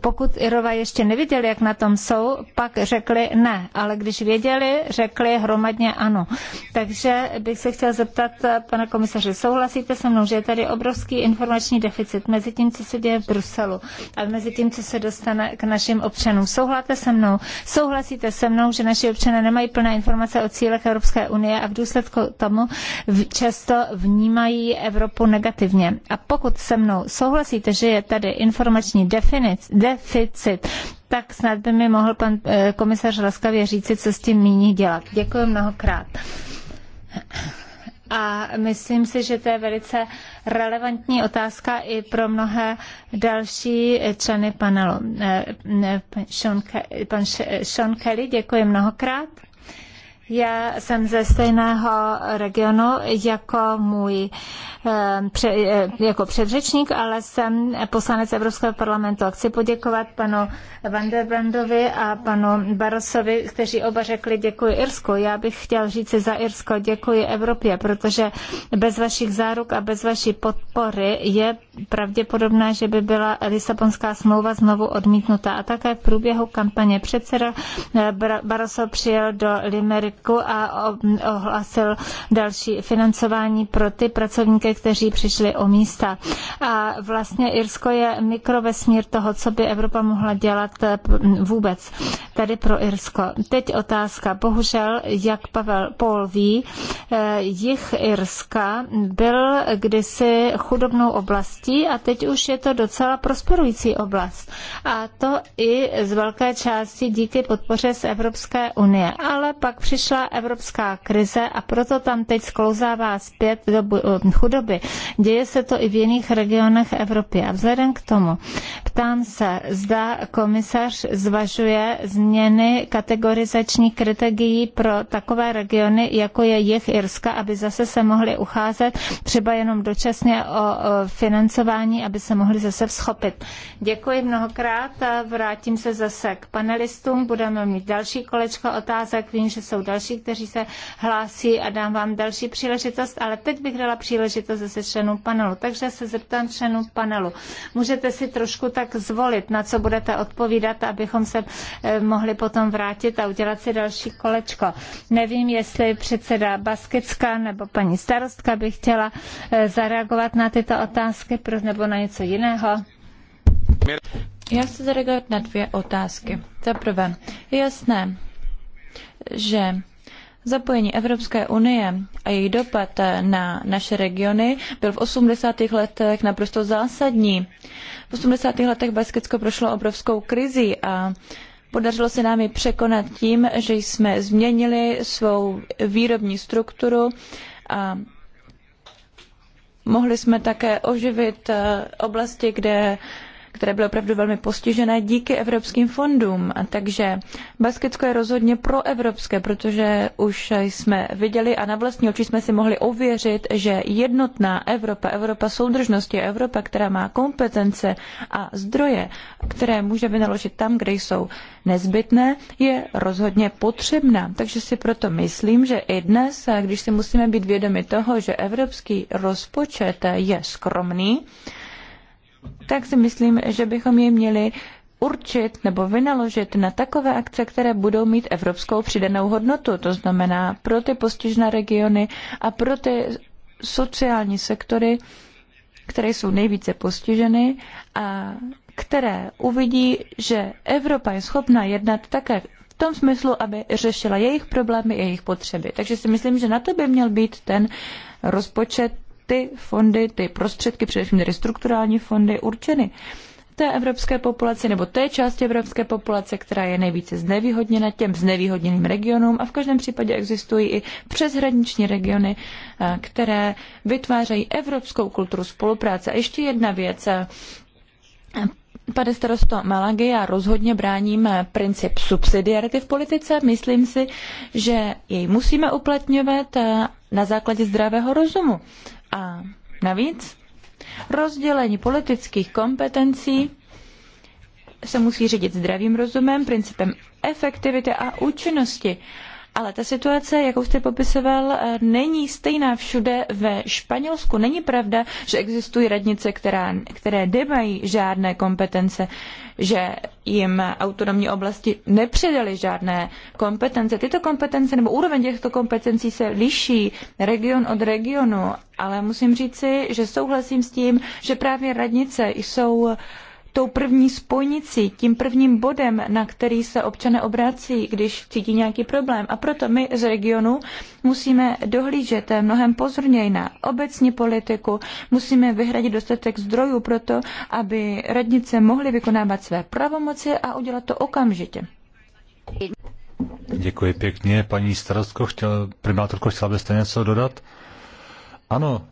pokud Irova ještě neviděli, jak na tom jsou, pak řekli ne. Ale když věděli, řekli hromadně ano. Takže bych se chtěla zeptat, eh, pane komisaře, souhlasíte se mnou, že je tady obrovský informační deficit mezi tím, co se děje v Bruselu a mezi tím, co se dostane k našim občanům. Souhlasíte se mnou? Souhlasíte se mnou, že naši občané nemají plné informace o cílech Evropské unie a v důsledku tomu často vnímají Evropu negativně. A pokud se mnou souhlasíte, že je tady informační definic, deficit, tak snad by mi mohl pan eh, komisař laskavě říci, co s tím míní dělat. Děkuji mnohokrát. A myslím si, že to je velice relevantní otázka i pro mnohé další členy panelu. Eh, eh, pan Sean Kelly, děkuji mnohokrát. Já jsem ze stejného regionu jako můj eh, eh, jako předřečník, ale jsem poslanec Evropského parlamentu. A chci poděkovat panu Van der Brandovi a panu Barosovi, kteří oba řekli děkuji Irsku. Já bych chtěl říci za Irsko děkuji Evropě, protože bez vašich záruk a bez vaší podpory je pravděpodobné, že by byla Lisabonská smlouva znovu odmítnuta. A také v průběhu kampaně předseda eh, Baroso přijel do Limerick jazyku a ohlásil další financování pro ty pracovníky, kteří přišli o místa. A vlastně Irsko je mikrovesmír toho, co by Evropa mohla dělat eh, vůbec tady pro Irsko. Teď otázka. Bohužel, jak Pavel Paul ví, eh, jich Irska byl kdysi chudobnou oblastí a teď už je to docela prosperující oblast. A to i z velké části díky podpoře z Evropské unie. Ale pak přišlo přišla evropská krize a proto tam teď sklouzává zpět do um, chudoby. Děje se to i v jiných regionech Evropy. A vzhledem k tomu ptám se, zda komisař zvažuje změny kategorizační kritiky pro takové regiony, jako je jich Irska, aby zase se mohly ucházet třeba jenom dočasně o financování, aby se mohli zase schopit. Děkuji mnohokrát a vrátím se zase k panelistům. Budeme mít další kolečko otázek. Vím, že jsou další další, kteří se hlásí a dám vám další příležitost, ale teď bych dala příležitost zase členům panelu. Takže se zeptám členů panelu. Můžete si trošku tak zvolit, na co budete odpovídat, abychom se eh, mohli potom vrátit a udělat si další kolečko. Nevím, jestli předseda Baskická nebo paní starostka by chtěla eh, zareagovat na tyto otázky nebo na něco jiného. Já chci zareagovat na dvě otázky. Za prvé, je jasné, že Zapojení Evropské unie a její dopad na naše regiony byl v 80. letech naprosto zásadní. V 80. letech Baskicko prošlo obrovskou krizi a podařilo se nám ji překonat tím, že jsme změnili svou výrobní strukturu a mohli jsme také oživit eh, oblasti, kde které byly opravdu velmi postižené díky evropským fondům. A takže Baskicko je rozhodně proevropské, protože už jsme viděli a na vlastní oči jsme si mohli ověřit, že jednotná Evropa, Evropa soudržnosti, Evropa, která má kompetence a zdroje, které může vynaložit tam, kde jsou nezbytné, je rozhodně potřebná. Takže si proto myslím, že i dnes, když si musíme být vědomi toho, že evropský rozpočet je skromný, tak si myslím, že bychom je měli určit nebo vynaložit na takové akce, které budou mít evropskou přidanou hodnotu. To znamená pro ty postižné regiony a pro ty sociální sektory, které jsou nejvíce postiženy a které uvidí, že Evropa je schopna jednat také v tom smyslu, aby řešila jejich problémy, jejich potřeby. Takže si myslím, že na to by měl být ten rozpočet ty fondy, ty prostředky, především ty strukturální fondy, určeny té evropské populaci nebo té části evropské populace, která je nejvíce znevýhodněna těm znevýhodněným regionům a v každém případě existují i přeshraniční regiony, eh, které vytvářejí evropskou kulturu spolupráce. A ještě jedna věc. Pane starosto Malagy, já rozhodně bráním princip subsidiarity v politice. Myslím si, že jej musíme uplatňovat eh, na základě zdravého rozumu. A navíc rozdělení politických kompetencí se musí řídit zdravým rozumem, principem efektivity a účinnosti. Ale ta situace, jakou jste popisoval, eh, není stejná všude ve Španělsku. Není pravda, že existují radnice, která, které nemají žádné kompetence, že jim autonomní oblasti nepředali žádné kompetence. Tyto kompetence nebo úroveň těchto kompetencí se liší region od regionu, ale musím říci, že souhlasím s tím, že právě radnice jsou tou první spojnicí, tím prvním bodem, na který se občané obrací, když cítí nějaký problém. A proto my z regionu musíme dohlížet mnohem pozorněji na obecní politiku, musíme vyhradit dostatek zdrojů pro to, aby radnice mohly vykonávat své pravomoci a udělat to okamžitě. Děkuji pěkně. Paní starostko, chtěl, primátorko, chtěla byste něco dodat? Ano,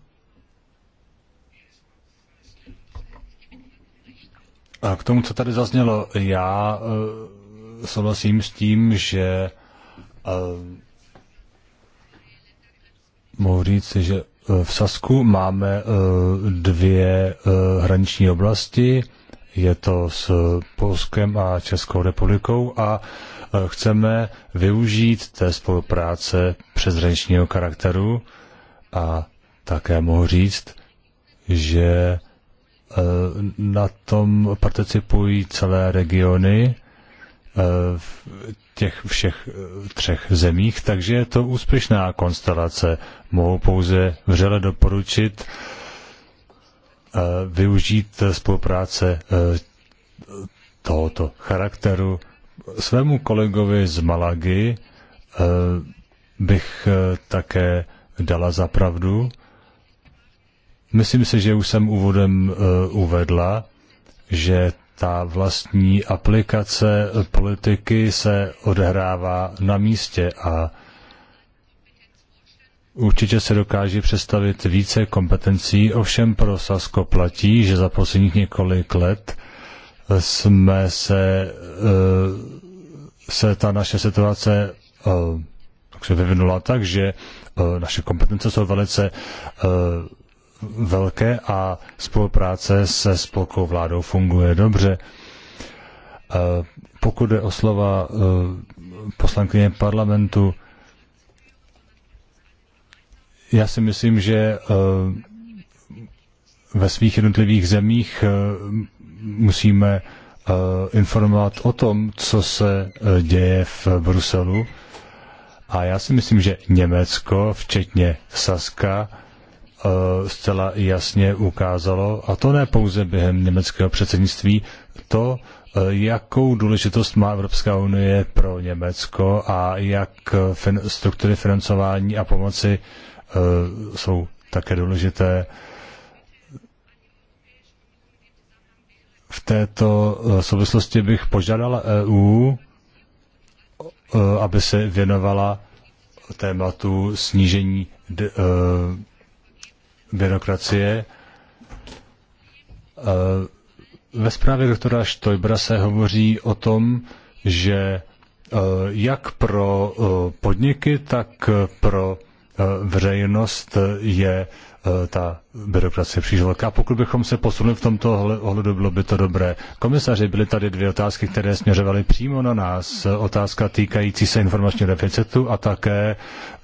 A k tomu, co tady zaznělo, já eh, souhlasím s tím, že eh, mohu říct, že eh, v Sasku máme dvě hraniční oblasti. Je to s Polskem a Českou republikou a chceme využít té spolupráce přeshraničního charakteru a také mohu říct, že Eh, na tom participují celé regiony eh, v těch všech eh, třech zemích, takže je to úspěšná konstelace. Mohu pouze vřele doporučit využít spolupráce tohoto charakteru. Svému kolegovi z Malagy bych také dala za pravdu. Myslím si, že už jsem úvodem eh, uvedla, že ta vlastní aplikace politiky se odehrává na místě a určitě se dokáže představit více kompetencí, ovšem pro Sasko platí, že za posledních několik let eh, jsme se, eh, se ta naše situace tak se vyvinula tak, že naše kompetence jsou velice velké a spolupráce se spolkovou vládou funguje dobře. Eh, pokud je o slova eh, poslankyně parlamentu, já si myslím, že eh, ve svých jednotlivých zemích musíme informovat o tom, co se děje v Bruselu. A já si myslím, že Německo, včetně Saska, Eh, zcela jasně ukázalo, a to ne pouze během německého předsednictví, to, eh, jakou důležitost má Evropská unie pro Německo a jak fin- struktury financování a pomoci eh, jsou také důležité. V této souvislosti bych požádala EU, aby se věnovala tématu snížení byrokracie. E, ve zprávě doktora Štojbra se hovoří o tom, že e, jak pro e, podniky, tak pro veřejnost je Eh, ta byrokracie příliš velká. A pokud bychom se posunuli v tomto ohledu, bylo by to dobré. Komisaři, byly tady dvě otázky, které směřovaly přímo na nás. Otázka týkající se informačního deficitu a také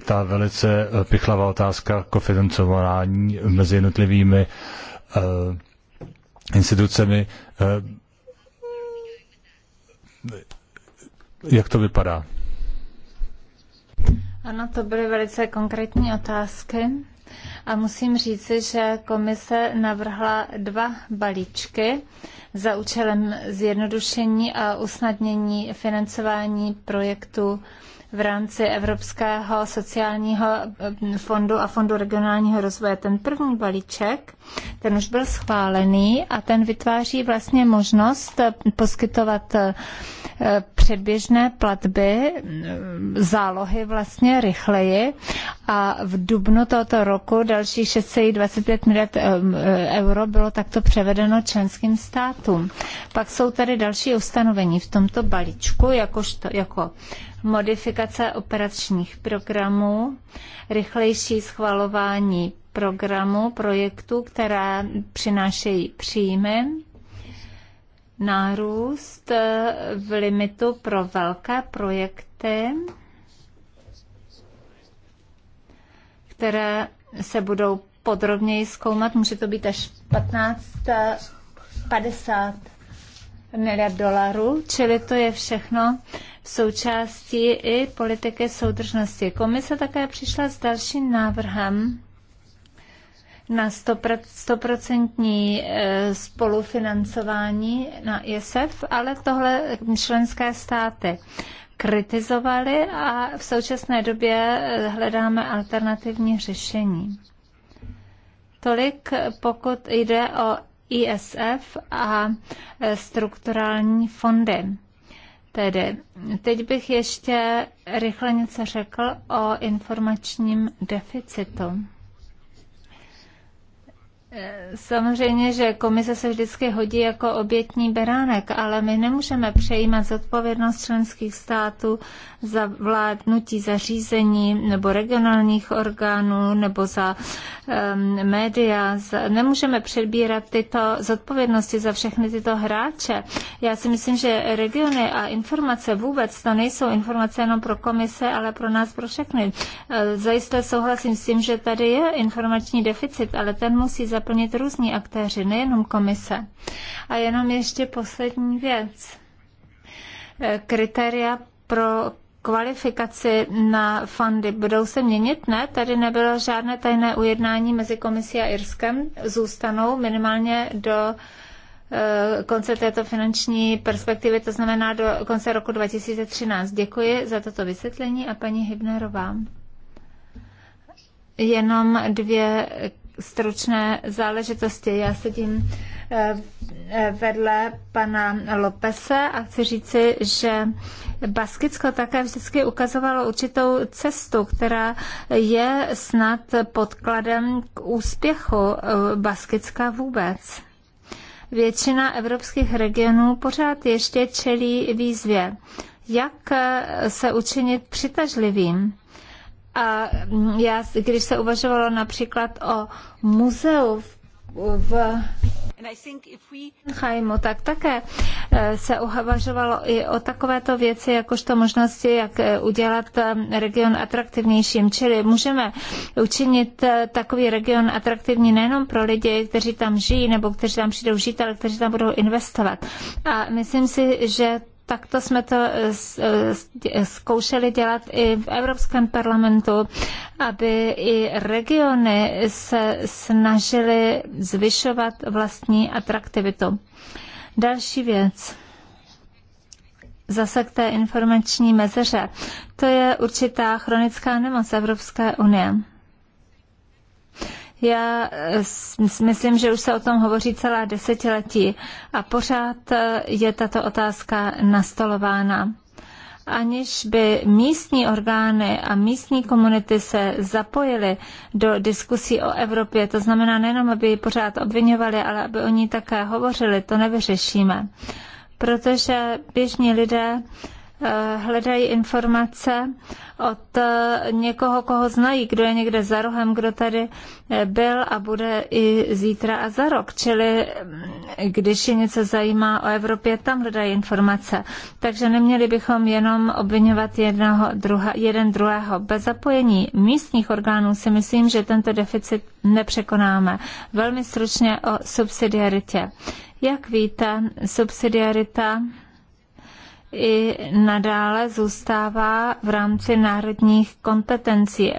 ta velice eh, pichlavá otázka kofinancování mezi jednotlivými uh, institucemi. Uh, jak to vypadá? Ano, to byly velice konkrétní otázky a musím říci, že komise navrhla dva balíčky za účelem zjednodušení a usnadnění financování projektů v rámci Evropského sociálního eh, fondu a Fondu regionálního rozvoje. Ten první balíček, ten už byl schválený a ten vytváří vlastně možnost eh, poskytovat eh, předběžné platby, zálohy vlastně rychleji a v dubnu tohoto roku další 625 miliard euro bylo takto převedeno členským státům. Pak jsou tady další ustanovení v tomto balíčku, jakožto, jako modifikace operačních programů, rychlejší schvalování programů, projektů, které přinášejí příjmy, nárůst eh, v limitu pro velké projekty, které se budou podrobněji zkoumat. Může to být až 15, 50 eh, miliard dolarů, čili to je všechno součástí i politiky soudržnosti. Komise také přišla s dalším návrhem na stoprocentní e, spolufinancování na ISF, ale tohle členské státy kritizovali a v současné době e, hledáme alternativní řešení. Tolik pokud jde o ISF a e, strukturální fondy. Tedy teď bych ještě rychle něco řekl o informačním deficitu. Samozřejmě, že komise se vždycky hodí jako obětní beránek, ale my nemůžeme přejímat zodpovědnost členských států za vládnutí zařízení nebo regionálních orgánů nebo za um, média. Nemůžeme předbírat tyto zodpovědnosti za všechny tyto hráče. Já si myslím, že regiony a informace vůbec to nejsou informace jenom pro komise, ale pro nás, pro všechny. E, zajisté souhlasím s tím, že tady je informační deficit, ale ten musí zaplatit plnit různí aktéři, nejenom komise. A jenom ještě poslední věc. E, kritéria pro kvalifikaci na fondy budou se měnit, ne? Tady nebylo žádné tajné ujednání mezi komisí a Irskem. Zůstanou minimálně do e, konce této finanční perspektivy, to znamená do konce roku 2013. Děkuji za toto vysvětlení a paní Hybnerová. Jenom dvě stručné záležitosti. Já sedím eh, eh, vedle pana Lopese a chci říci, že Baskicko také vždycky ukazovalo určitou cestu, která je snad podkladem k úspěchu eh, Baskicka vůbec. Většina evropských regionů pořád ještě čelí výzvě, jak se učinit přitažlivým a já, když se uvažovalo například o muzeu v v Chajmu, tak také eh, se uvažovalo i o takovéto věci, jakožto možnosti, jak eh, udělat eh, region atraktivnějším. Čili můžeme učinit takový region atraktivní nejenom pro lidi, kteří tam žijí nebo kteří tam přijdou žít, ale kteří tam budou investovat. A myslím si, že Takto jsme to eh, eh, zkoušeli dělat i v Evropském parlamentu, aby i regiony se snažily zvyšovat vlastní atraktivitu. Další věc zase k té informační mezeře. To je určitá chronická nemoc Evropské unie. Já eh, myslím, že už se o tom hovoří celá desetiletí a pořád eh, je tato otázka nastolována aniž by místní orgány a místní komunity se zapojily do diskusí o Evropě. To znamená nejenom, aby ji pořád obvinovali, ale aby o ní také hovořili. To nevyřešíme. Protože běžní lidé Eh, hledají informace od eh, někoho, koho znají, kdo je někde za rohem, kdo tady eh, byl a bude i zítra a za rok. Čili mm, když je něco zajímá o Evropě, tam hledají informace. Takže neměli bychom jenom obvinovat jednoho, druha, jeden druhého. Bez zapojení místních orgánů si myslím, že tento deficit nepřekonáme. Velmi stručně o subsidiaritě. Jak víte, subsidiarita i nadále zůstává v rámci národních kompetencí.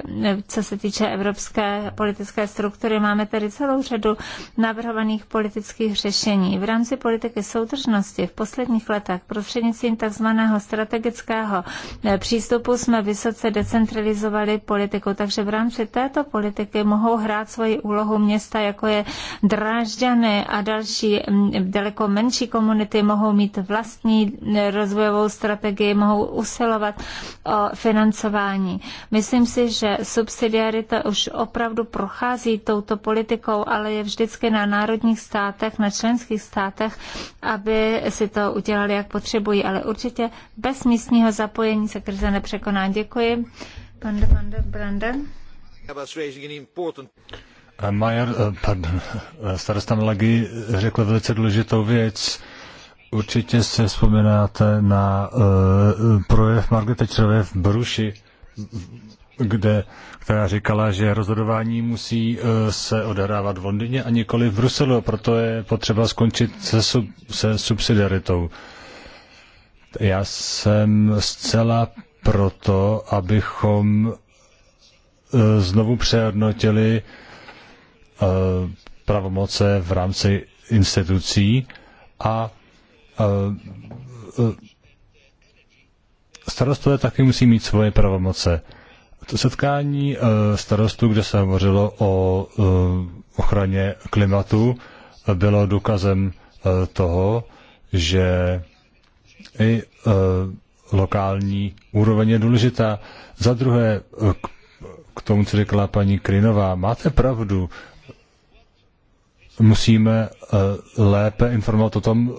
Co se týče evropské politické struktury, máme tedy celou řadu navrhovaných politických řešení. V rámci politiky soudržnosti v posledních letech prostřednictvím tzv. strategického eh, přístupu jsme vysoce decentralizovali politiku, takže v rámci této politiky mohou hrát svoji úlohu města, jako je Drážďany a další mm, daleko menší komunity mohou mít vlastní eh, rozvoj rozvojovou strategii, mohou usilovat o financování. Myslím si, že subsidiarita už opravdu prochází touto politikou, ale je vždycky na národních státech, na členských státech, aby si to udělali, jak potřebují. Ale určitě bez místního zapojení se krize nepřekoná. Děkuji. Pan de Brande. Majer, eh, pardon, eh, starosta Malagy řekl velice důležitou věc. Určitě se vzpomínáte na uh, projev Margaret Thatcherové v Bruši, kde, která říkala, že rozhodování musí uh, se odehrávat v Londýně a nikoli v Bruselu, proto je potřeba skončit se, sub, se subsidiaritou. Já jsem zcela proto, abychom uh, znovu přehodnotili uh, pravomoce v rámci institucí a E, starostové taky musí mít svoje pravomoce. To setkání e, starostů, kde se hovořilo o e, ochraně klimatu, bylo důkazem toho, že i lokální úroveň je důležitá. Za druhé, k tomu, co řekla paní Krinová, máte pravdu, musíme lépe informovat o tom,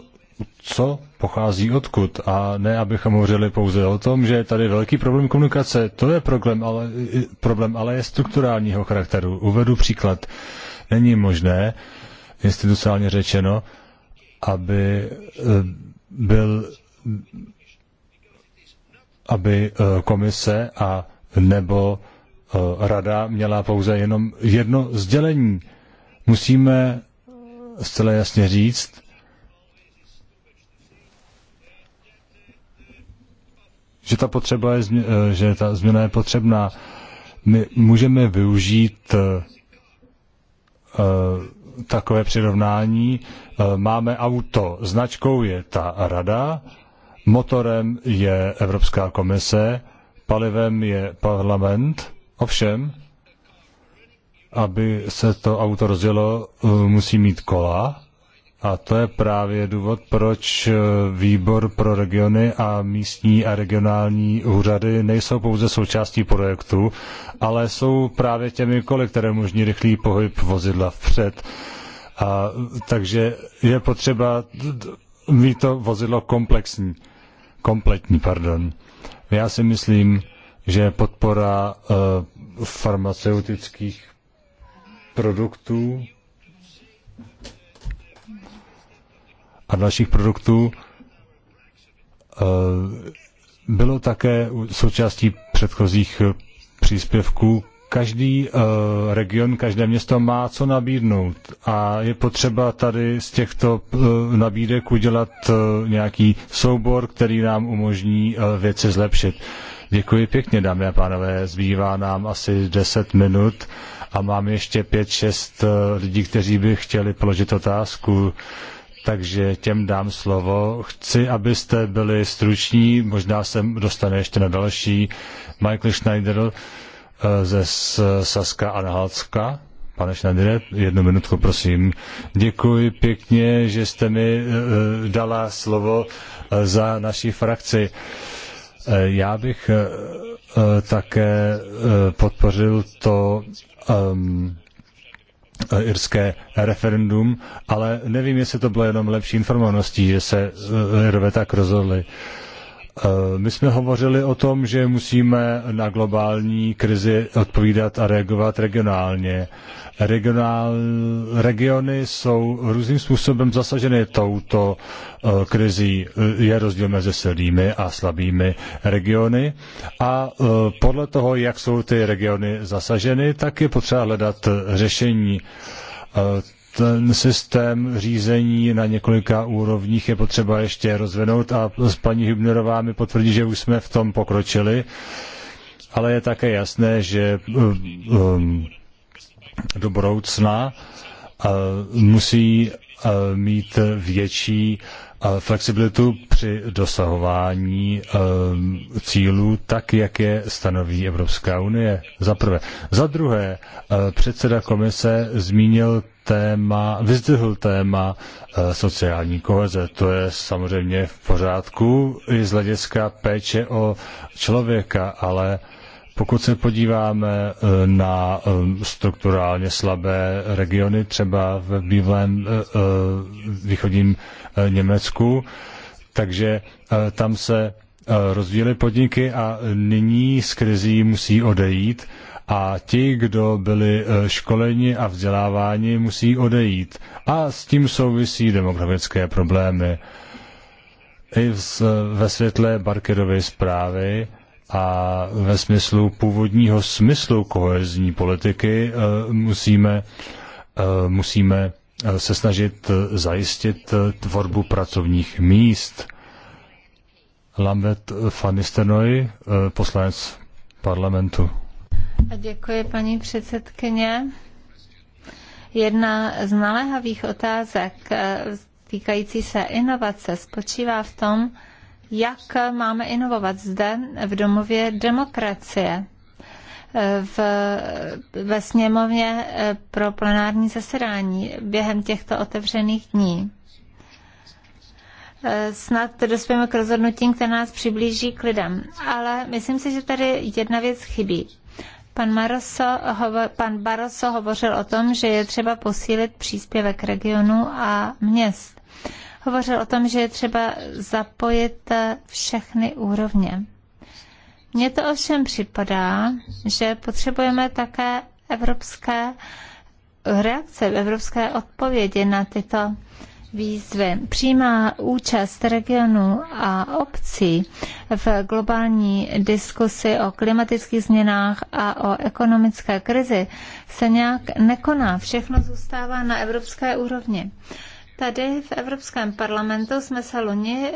co pochází odkud a ne, abychom hovořili pouze o tom, že je tady velký problém komunikace. To je problém, ale, problém, ale je strukturálního charakteru. Uvedu příklad. Není možné, institucionálně řečeno, aby eh, byl aby eh, komise a nebo eh, rada měla pouze jenom jedno sdělení. Musíme zcela jasně říct, že ta potřeba je, eh, že ta změna je potřebná. My můžeme využít eh, takové přirovnání. Eh, máme auto, značkou je ta rada, motorem je Evropská komise, palivem je parlament. Ovšem, aby se to auto rozjelo, musí mít kola, a to je právě důvod, proč eh, výbor pro regiony a místní a regionální úřady nejsou pouze součástí projektu, ale jsou právě těmi koly, které možní rychlý pohyb vozidla vpřed. A, takže je potřeba mít to vozidlo komplexní, kompletní, pardon. Já si myslím, že podpora uh, farmaceutických produktů a dalších produktů eh, bylo také součástí předchozích eh, příspěvků. Každý eh, region, každé město má co nabídnout a je potřeba tady z těchto nabídek udělat nějaký soubor, který nám umožní věci zlepšit. Děkuji pěkně, dámy a pánové. Zbývá nám asi 10 minut a mám ještě 5-6 lidí, kteří by chtěli položit otázku takže těm dám slovo. Chci, abyste byli struční, možná se dostane ještě na další. Michael Schneider eh, ze Saska a Nahalcka. Pane Schneider, jednu minutku, prosím. Děkuji pěkně, že jste mi eh, dala slovo eh, za naší frakci. Já bych také podpořil to ehm, Eh, irské referendum, ale nevím, jestli to bylo jenom lepší informovaností, že se eh, Irové tak rozhodli. Uh, Eh, my jsme hovořili o tom, že musíme na globální krizi odpovídat a reagovat regionálně. Regionál, regiony jsou různým způsobem zasaženy touto eh, krizí. Je rozdíl mezi silnými a slabými regiony. A eh, podle toho, jak jsou ty regiony zasaženy, tak je potřeba hledat řešení ten systém řízení na několika úrovních je potřeba ještě rozvinout a paní Hübnerová mi potvrdí, že už jsme v tom pokročili, ale je také jasné, že um, um do budoucna uh, musí uh, mít větší flexibilitu při dosahování ehm, cílů tak, jak je stanoví Evropská unie. Za prvé. Za druhé, eh, předseda komise zmínil téma, vyzdvihl téma eh, sociální koheze. To je samozřejmě v pořádku i z hlediska péče o člověka, ale pokud se podíváme eh, na eh, strukturálně slabé regiony, třeba v bývalém eh, východním Německu, takže tam se rozvíjely podniky a nyní z krizí musí odejít a ti, kdo byli školeni a vzděláváni, musí odejít. A s tím souvisí demografické problémy. I ve světle Barkerovy zprávy a ve smyslu původního smyslu kohezní politiky eh, musíme, eh, musíme eh, se snažit zajistit tvorbu pracovních míst. Lambert van Nistelrooy, poslanec parlamentu. Děkuji, paní předsedkyně. Jedna z naléhavých otázek týkající se inovace spočívá v tom, jak máme inovovat zde v domově demokracie v, ve sněmovně eh, pro plenární zasedání během těchto otevřených dní. Eh, snad dospějeme k rozhodnutím, které nás přiblíží k lidem. Ale myslím si, že tady jedna věc chybí. Pan, Maroso, hovo, pan Baroso hovořil o tom, že je třeba posílit příspěvek regionu a měst hovořil o tom, že je třeba zapojit eh, všechny úrovně. Mně to ovšem připadá, že potřebujeme také evropské reakce, evropské odpovědi na tyto výzvy. Přímá účast regionů a obcí v globální diskusi o klimatických změnách a o ekonomické krizi se nějak nekoná. Všechno zůstává na evropské úrovni. Tady v Evropském parlamentu jsme se loni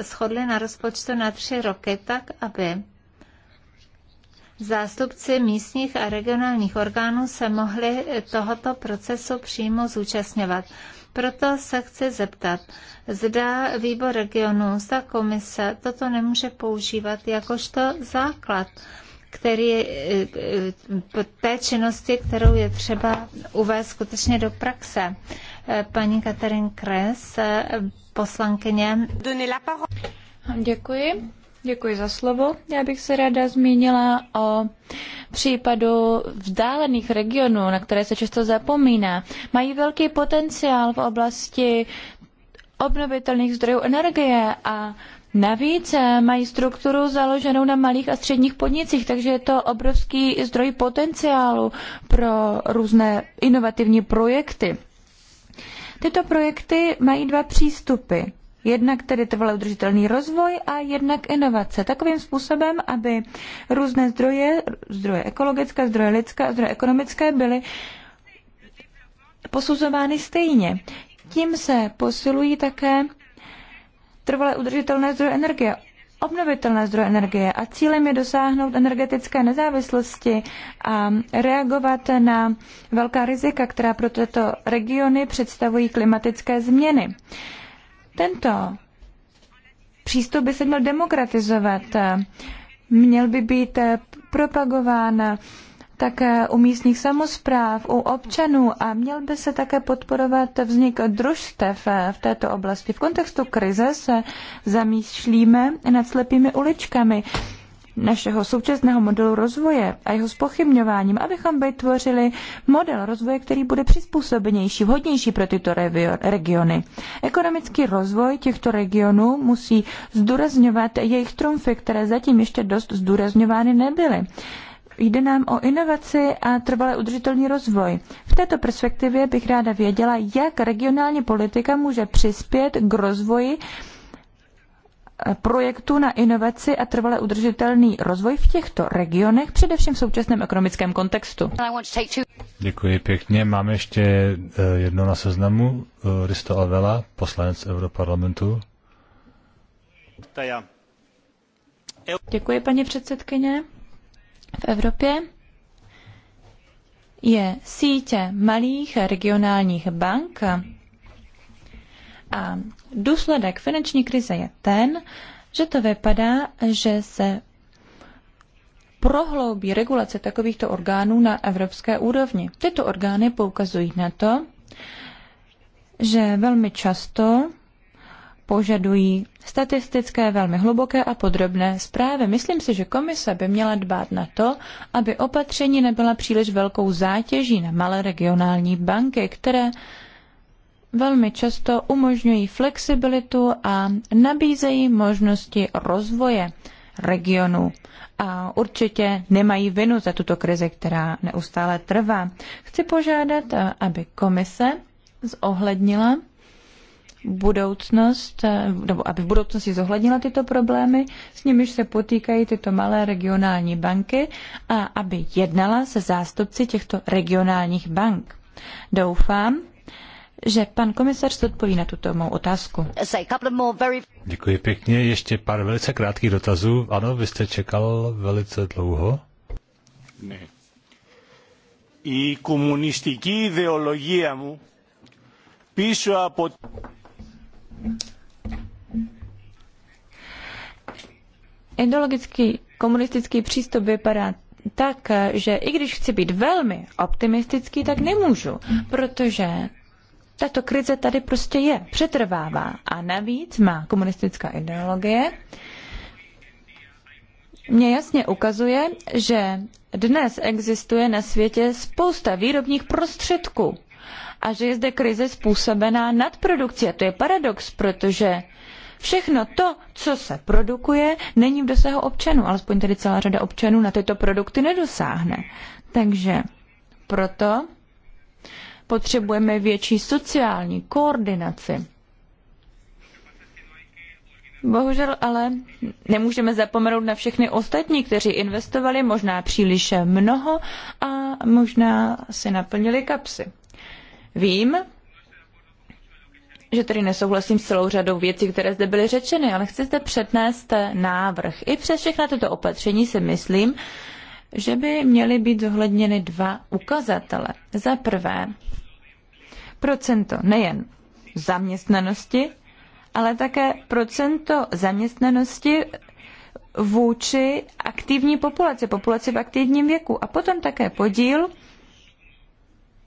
shodli na rozpočtu na tři roky tak, aby zástupci místních a regionálních orgánů se mohli tohoto procesu přímo zúčastňovat. Proto se chci zeptat, zda výbor regionů zda komise toto nemůže používat jakožto základ který, eh, eh, té činnosti, kterou je třeba uvést skutečně do praxe. Eh, paní Katarin Kres, poslankyně. Děkuji. Děkuji za slovo. Já bych se ráda zmínila o případu vzdálených regionů, na které se často zapomíná. Mají velký potenciál v oblasti obnovitelných zdrojů energie a Navíc eh, mají strukturu založenou na malých a středních podnicích, takže je to obrovský zdroj potenciálu pro různé inovativní projekty. Tyto projekty mají dva přístupy. Jednak tedy trvalý udržitelný rozvoj a jednak inovace. Takovým způsobem, aby různé zdroje, zdroje ekologické, zdroje lidské a zdroje ekonomické byly posuzovány stejně. Tím se posilují také trvale udržitelné zdroje energie, obnovitelné zdroje energie a cílem je dosáhnout energetické nezávislosti a reagovat na velká rizika, která pro tyto regiony představují klimatické změny. Tento přístup by se měl demokratizovat, měl by být propagován také u místních samozpráv, u občanů a měl by se také podporovat vznik družstev eh, v této oblasti. V kontextu krize se zamýšlíme nad slepými uličkami našeho současného modelu rozvoje a jeho spochybňováním, abychom vytvořili model rozvoje, který bude přizpůsobenější, vhodnější pro tyto regiony. Ekonomický rozvoj těchto regionů musí zdůrazňovat jejich trumfy, které zatím ještě dost zdůrazňovány nebyly. Jde nám o inovaci a trvalé udržitelný rozvoj. V této perspektivě bych ráda věděla, jak regionální politika může přispět k rozvoji eh, projektů na inovaci a trvalé udržitelný rozvoj v těchto regionech, především v současném ekonomickém kontextu. Děkuji pěkně. Máme ještě eh, jedno na seznamu. Eh, Risto Alvela, poslanec Europarlamentu. Děkuji, paní předsedkyně v Evropě je sítě malých regionálních bank a důsledek finanční krize je ten, že to vypadá, že se prohloubí regulace takovýchto orgánů na evropské úrovni. Tyto orgány poukazují na to, že velmi často požadují statistické, velmi hluboké a podrobné zprávy. Myslím si, že komise by měla dbát na to, aby opatření nebyla příliš velkou zátěží na malé regionální banky, které velmi často umožňují flexibilitu a nabízejí možnosti rozvoje regionu. A určitě nemají vinu za tuto krizi, která neustále trvá. Chci požádat, aby komise zohlednila budoucnost, eh, nebo aby v budoucnosti zohlednila tyto problémy, s nimiž se potýkají tyto malé regionální banky a aby jednala se zástupci těchto regionálních bank. Doufám, že pan komisař odpoví na tuto mou otázku. Děkuji pěkně. Ještě pár velice krátkých dotazů. Ano, vy jste čekal velice dlouho. Ne. I komunistický ideologie mu píšu a pod... Ideologický komunistický přístup vypadá tak, že i když chci být velmi optimistický, tak nemůžu, protože tato krize tady prostě je, přetrvává. A navíc má komunistická ideologie mě jasně ukazuje, že dnes existuje na světě spousta výrobních prostředků, a že je zde krize způsobená nadprodukcí. A to je paradox, protože všechno to, co se produkuje, není v dosahu občanů, alespoň tedy celá řada občanů na tyto produkty nedosáhne. Takže proto potřebujeme větší sociální koordinaci. Bohužel ale nemůžeme zapomenout na všechny ostatní, kteří investovali možná příliš mnoho a možná si naplnili kapsy. Vím, že tedy nesouhlasím s celou řadou věcí, které zde byly řečeny, ale chci zde přednést návrh. I přes všechna tyto opatření si myslím, že by měly být zohledněny dva ukazatele. Za prvé, procento nejen zaměstnanosti, ale také procento zaměstnanosti vůči aktivní populaci, populaci v aktivním věku a potom také podíl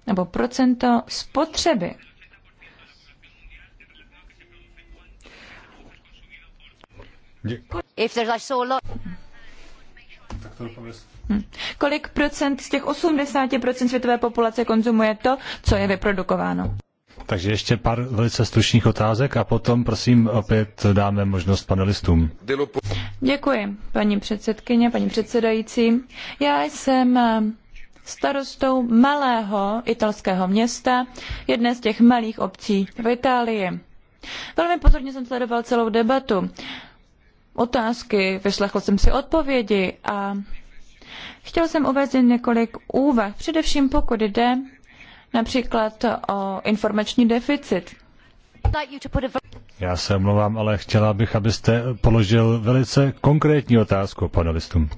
nebo procento spotřeby. Hm. Kolik procent z těch 80% světové populace konzumuje to, co je vyprodukováno? Takže ještě pár velice stručných otázek a potom, prosím, opět dáme možnost panelistům. Děkuji, paní předsedkyně, paní předsedající. Já jsem starostou malého italského města, jedné z těch malých obcí v Itálii. Velmi pozorně jsem sledoval celou debatu, otázky, vyslechl jsem si odpovědi a chtěl jsem uvést několik úvah, především pokud jde například o informační deficit. Já se omlouvám, ale chtěla bych, abyste položil velice konkrétní otázku panelistům.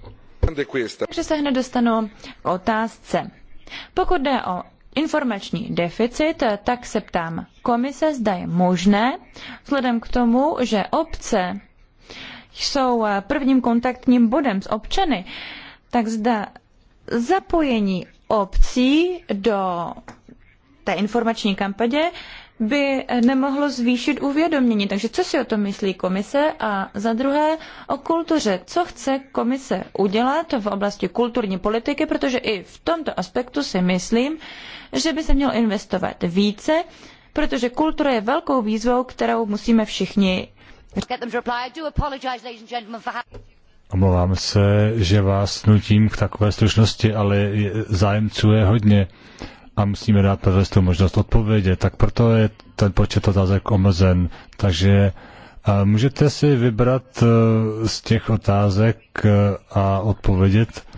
Takže se hned dostanu k otázce. Pokud jde o informační deficit, tak se ptám komise, zda je možné, vzhledem k tomu, že obce jsou prvním kontaktním bodem s občany, tak zda zapojení obcí do té informační kampaně by nemohlo zvýšit uvědomění. Takže co si o tom myslí komise? A za druhé o kultuře. Co chce komise udělat v oblasti kulturní politiky? Protože i v tomto aspektu si myslím, že by se mělo investovat více, protože kultura je velkou výzvou, kterou musíme všichni. Omlouvám se, že vás nutím k takové stručnosti, ale zájemců je hodně a musíme dát tu možnost odpovědět, tak proto je ten počet otázek omezen. Takže můžete si vybrat e, z těch otázek e, a odpovědět. E,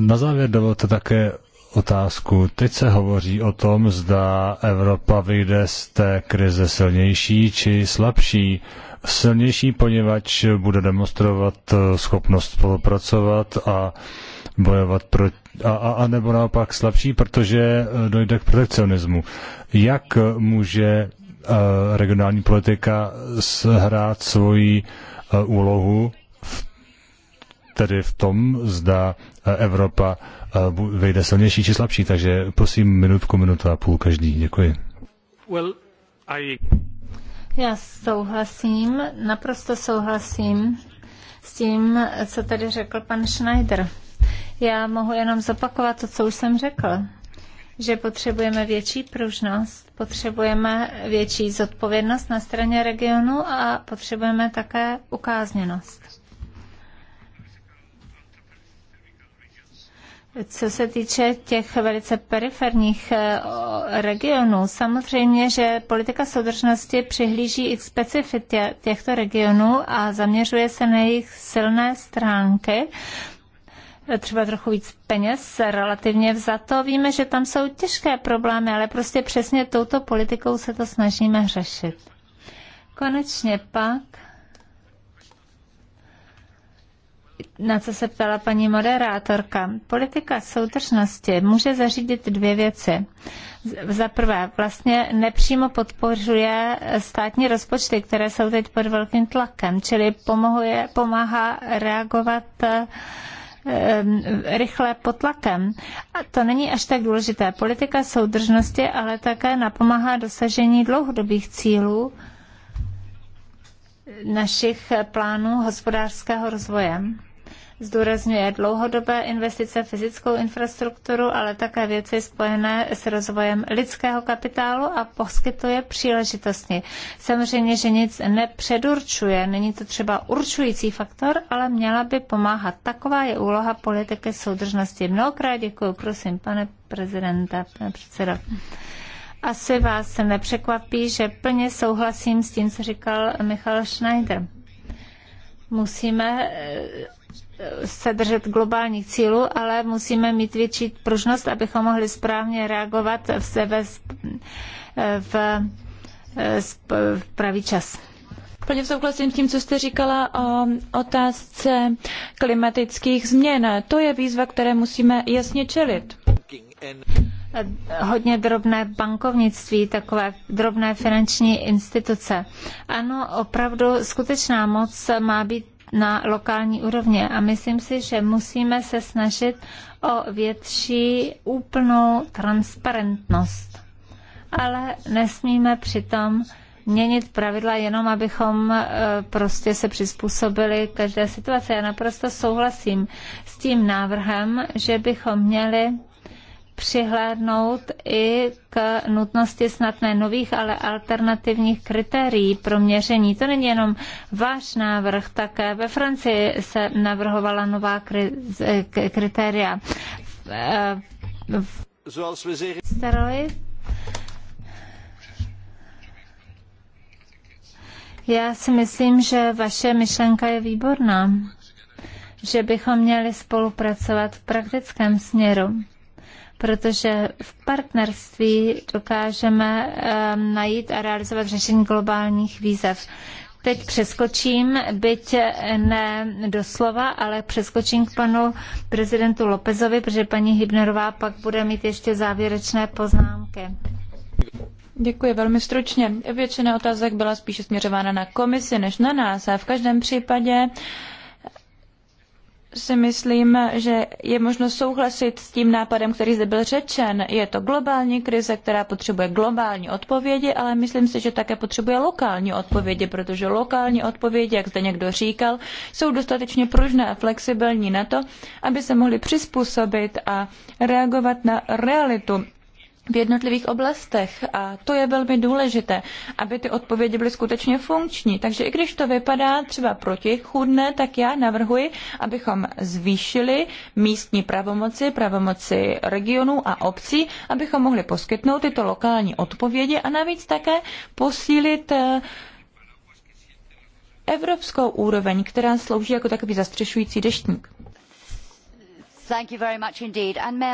na závěr dovolte také otázku. Teď se hovoří o tom, zda Evropa vyjde z té krize silnější či slabší. Silnější, poněvadž bude demonstrovat schopnost spolupracovat a bojovat proti a, a, a nebo naopak slabší, protože eh, dojde k protekcionismu. Jak eh, může eh, regionální politika hrát svoji úlohu v, tedy v tom, zda Evropa vyjde silnější či slabší. Takže prosím minutku, minutu a půl každý. Děkuji. Well, I... Já souhlasím, naprosto souhlasím s tím, co tady řekl pan Schneider. Já mohu jenom zopakovat to, co už jsem řekl, že potřebujeme větší pružnost, potřebujeme větší zodpovědnost na straně regionu a potřebujeme také ukázněnost. Co se týče těch velice periferních eh, regionů, samozřejmě, že politika soudržnosti přihlíží i k specifitě těchto regionů a zaměřuje se na jejich silné stránky třeba trochu víc peněz relativně vzato. Víme, že tam jsou těžké problémy, ale prostě přesně touto politikou se to snažíme řešit. Konečně pak, na co se ptala paní moderátorka, politika soudržnosti může zařídit dvě věci. Za prvé, vlastně nepřímo podpořuje státní rozpočty, které jsou teď pod velkým tlakem, čili pomohuje, pomáhá reagovat eh, rychle pod tlakem. A to není až tak důležité. Politika soudržnosti ale také napomáhá dosažení dlouhodobých cílů našich plánů hospodářského rozvoje zdůrazňuje dlouhodobé investice, fyzickou infrastrukturu, ale také věci spojené s rozvojem lidského kapitálu a poskytuje příležitosti. Samozřejmě, že nic nepředurčuje, není to třeba určující faktor, ale měla by pomáhat. Taková je úloha politiky soudržnosti. Mnohokrát děkuji, prosím, pane prezidenta, pane předsedo. Asi vás se nepřekvapí, že plně souhlasím s tím, co říkal Michal Schneider. Musíme se držet globálních cílů, ale musíme mít větší pružnost, abychom mohli správně reagovat v sebe v, v pravý čas. Plně souhlasím s tím, co jste říkala o otázce klimatických změn. To je výzva, které musíme jasně čelit. Hodně drobné bankovnictví, takové drobné finanční instituce. Ano, opravdu skutečná moc má být na lokální úrovně. A myslím si, že musíme se snažit o větší úplnou transparentnost. Ale nesmíme přitom měnit pravidla jenom, abychom e, prostě se přizpůsobili každé situaci. Já naprosto souhlasím s tím návrhem, že bychom měli přihlédnout i k nutnosti snad ne nových, ale alternativních kritérií pro měření. To není jenom váš návrh, také ve Francii se navrhovala nová kritéria. Steroid? Eh, Já si myslím, že vaše myšlenka je výborná, že bychom měli spolupracovat v praktickém směru protože v partnerství dokážeme ehm, najít a realizovat řešení globálních výzev. Teď přeskočím, byť ne doslova, ale přeskočím k panu prezidentu Lopezovi, protože paní Hybnerová pak bude mít ještě závěrečné poznámky. Děkuji velmi stručně. Většina otázek byla spíše směřována na komisi než na nás a v každém případě si myslím, že je možno souhlasit s tím nápadem, který zde byl řečen. Je to globální krize, která potřebuje globální odpovědi, ale myslím si, že také potřebuje lokální odpovědi, protože lokální odpovědi, jak zde někdo říkal, jsou dostatečně pružné a flexibilní na to, aby se mohly přizpůsobit a reagovat na realitu v jednotlivých oblastech. A to je velmi důležité, aby ty odpovědi byly skutečně funkční. Takže i když to vypadá třeba protichůdné, tak já navrhuji, abychom zvýšili místní pravomoci, pravomoci regionů a obcí, abychom mohli poskytnout tyto lokální odpovědi a navíc také posílit eh, evropskou úroveň, která slouží jako takový zastřešující deštník. Thank you very much indeed. And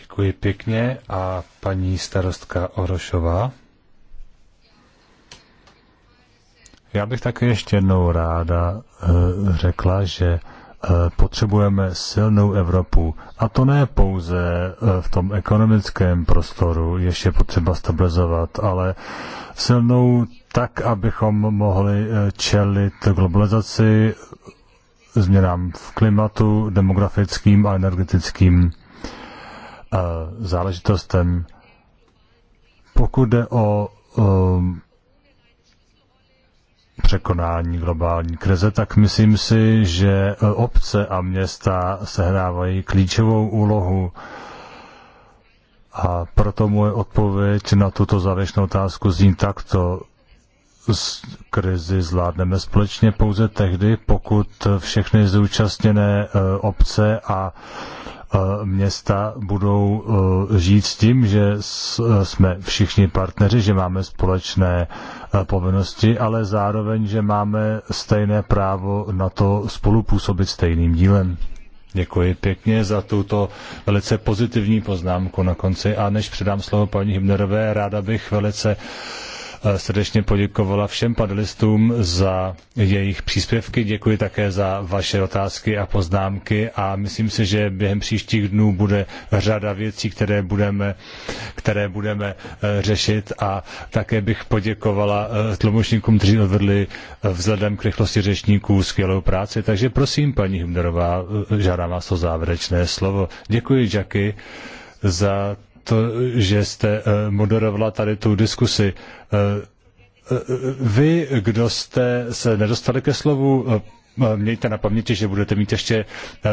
Děkuji pěkně a paní starostka Orošová. Já bych také ještě jednou ráda eh, řekla, že eh, potřebujeme silnou Evropu. A to ne pouze eh, v tom ekonomickém prostoru, ještě potřeba stabilizovat, ale silnou tak, abychom mohli čelit globalizaci, změnám v klimatu, demografickým a energetickým. Eh, záležitostem. Pokud jde o um, překonání globální krize, tak myslím si, že eh, obce a města sehrávají klíčovou úlohu. A proto moje odpověď na tuto závěrečnou otázku zní takto. Z krizi zvládneme společně pouze tehdy, pokud všechny zúčastněné eh, obce a města budou žít e, s tím, že e, jsme všichni partneři, že máme společné e, povinnosti, ale zároveň, že máme stejné právo na to spolupůsobit stejným dílem. Děkuji pěkně za tuto velice pozitivní poznámku na konci. A než předám slovo paní Himnerové, ráda bych velice uh, srdečně poděkovala všem panelistům za jejich příspěvky. Děkuji také za vaše otázky a poznámky a myslím si, že během příštích dnů bude řada věcí, které budeme, které budeme eh, řešit a také bych poděkovala eh, tlumočníkům, kteří odvedli eh, vzhledem k rychlosti řečníků skvělou práci. Takže prosím, paní Hübnerová, žádám vás o závěrečné slovo. Děkuji, Jackie, za to, že jste eh, moderovala tady tu diskusi. Eh, eh, vy, kdo jste se nedostali ke slovu, mějte na paměti, že budete mít ještě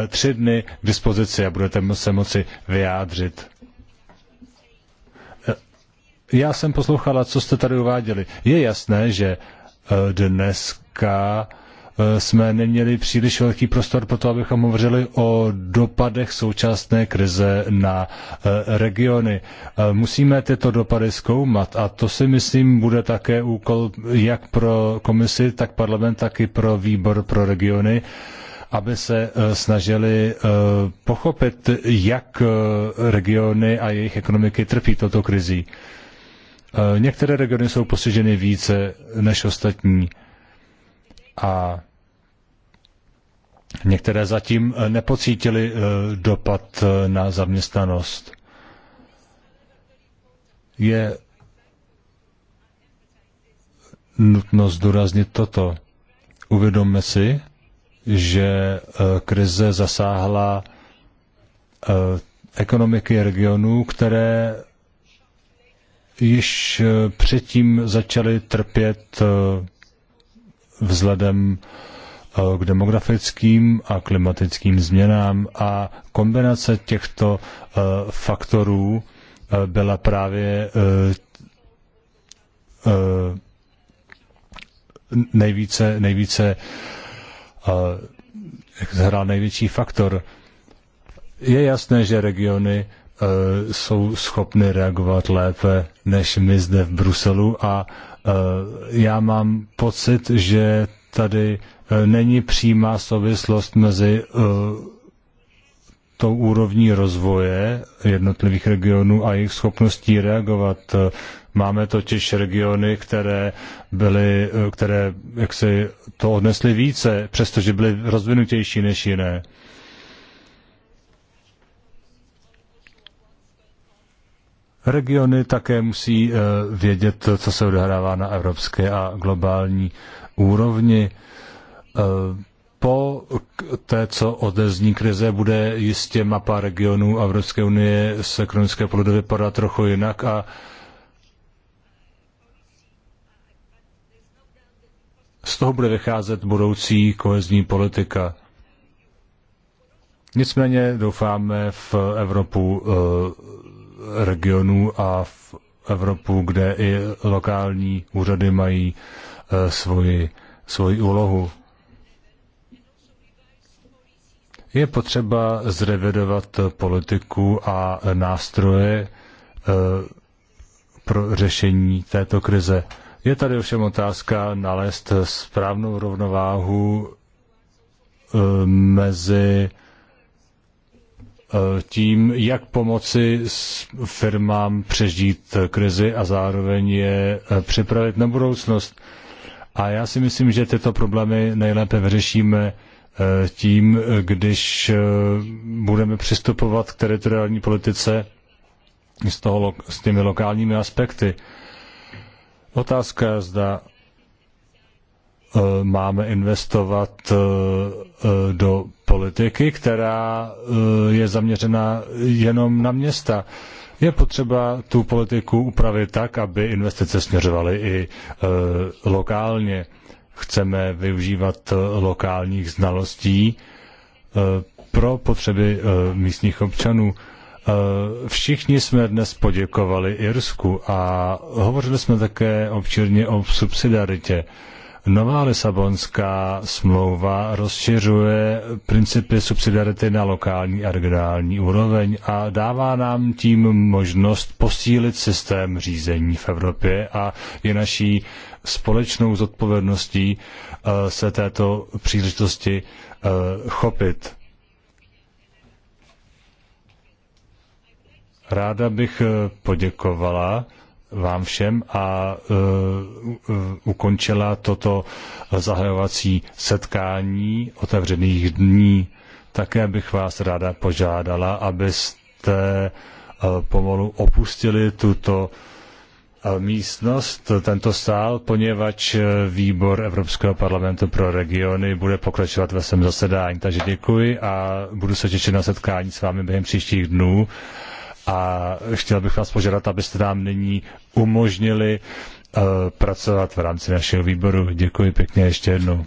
tři dny k dispozici a budete se moci vyjádřit. Já jsem poslouchala, co jste tady uváděli. Je jasné, že dneska Eh, jsme neměli příliš velký prostor pro to, abychom hovořili o dopadech současné krize na eh, regiony. Eh, musíme tyto dopady zkoumat a to si myslím bude také úkol jak pro komisi, tak parlament, tak i pro výbor pro regiony aby se snažili pochopit, jak regiony a jejich ekonomiky trpí toto krizí. Některé regiony jsou postiženy více než ostatní a některé zatím eh, nepocítili eh, dopad eh, na zaměstnanost. Je nutno zdůraznit toto. Uvědomme si, že krize zasáhla ekonomiky regionů, které již předtím začaly trpět vzhledem eh, k demografickým a klimatickým změnám a kombinace těchto eh, faktorů eh, byla právě nejvíce, nejvíce zhrál největší faktor. Je jasné, že regiony jsou schopny reagovat lépe než my zde v Bruselu a Eh, já mám pocit, že tady eh, není přímá souvislost mezi eh, tou úrovní rozvoje jednotlivých regionů a jejich schopností reagovat. Máme totiž regiony, které byly, které jak to odnesly více, přestože byly rozvinutější než jiné. Regiony také musí eh, vědět, co se odehrává na evropské a globální úrovni. Eh, po té, co odezní krize, bude jistě mapa regionů Evropské unie z ekonomické pohledu vypadat trochu jinak a z toho bude vycházet budoucí kohezní politika. Nicméně doufáme v Evropu eh, regionů a v Evropu, kde i lokální úřady mají eh, svoji, svoji úlohu. Je potřeba zrevidovat politiku a nástroje eh, pro řešení této krize. Je tady ovšem otázka nalézt správnou rovnováhu eh, mezi Eh, tím, jak pomoci firmám přežít krizi a zároveň je eh, připravit na budoucnost. A já si myslím, že tyto problémy nejlépe vyřešíme eh, tím, když budeme přistupovat k teritoriální politice s, toho, s těmi lokálními aspekty. Otázka, zda máme investovat do politiky, která eh, je zaměřena jenom na města. Je potřeba tu politiku upravit tak, aby investice směřovaly i eh, lokálně. Chceme využívat eh, lokálních znalostí pro potřeby místních občanů. Všichni jsme dnes poděkovali Irsku a hovořili jsme také obšírně o subsidiaritě. Nová Lisabonská smlouva rozšiřuje principy subsidiarity na lokální a regionální úroveň a dává nám tím možnost posílit systém řízení v Evropě a je naší společnou zodpovědností eh, se této příležitosti eh, chopit. Ráda bych eh, poděkovala vám všem a e, e, ukončila toto zahajovací setkání otevřených dní. Také bych vás ráda požádala, abyste e, pomalu opustili tuto místnost, tento sál, poněvadž výbor Evropského parlamentu pro regiony bude pokračovat ve svém zasedání. Takže děkuji a budu se těšit na setkání s vámi během příštích dnů a chtěl bych vás požádat, abyste nám nyní umožnili eh, pracovat v rámci našeho výboru. Děkuji pěkně ještě jednou.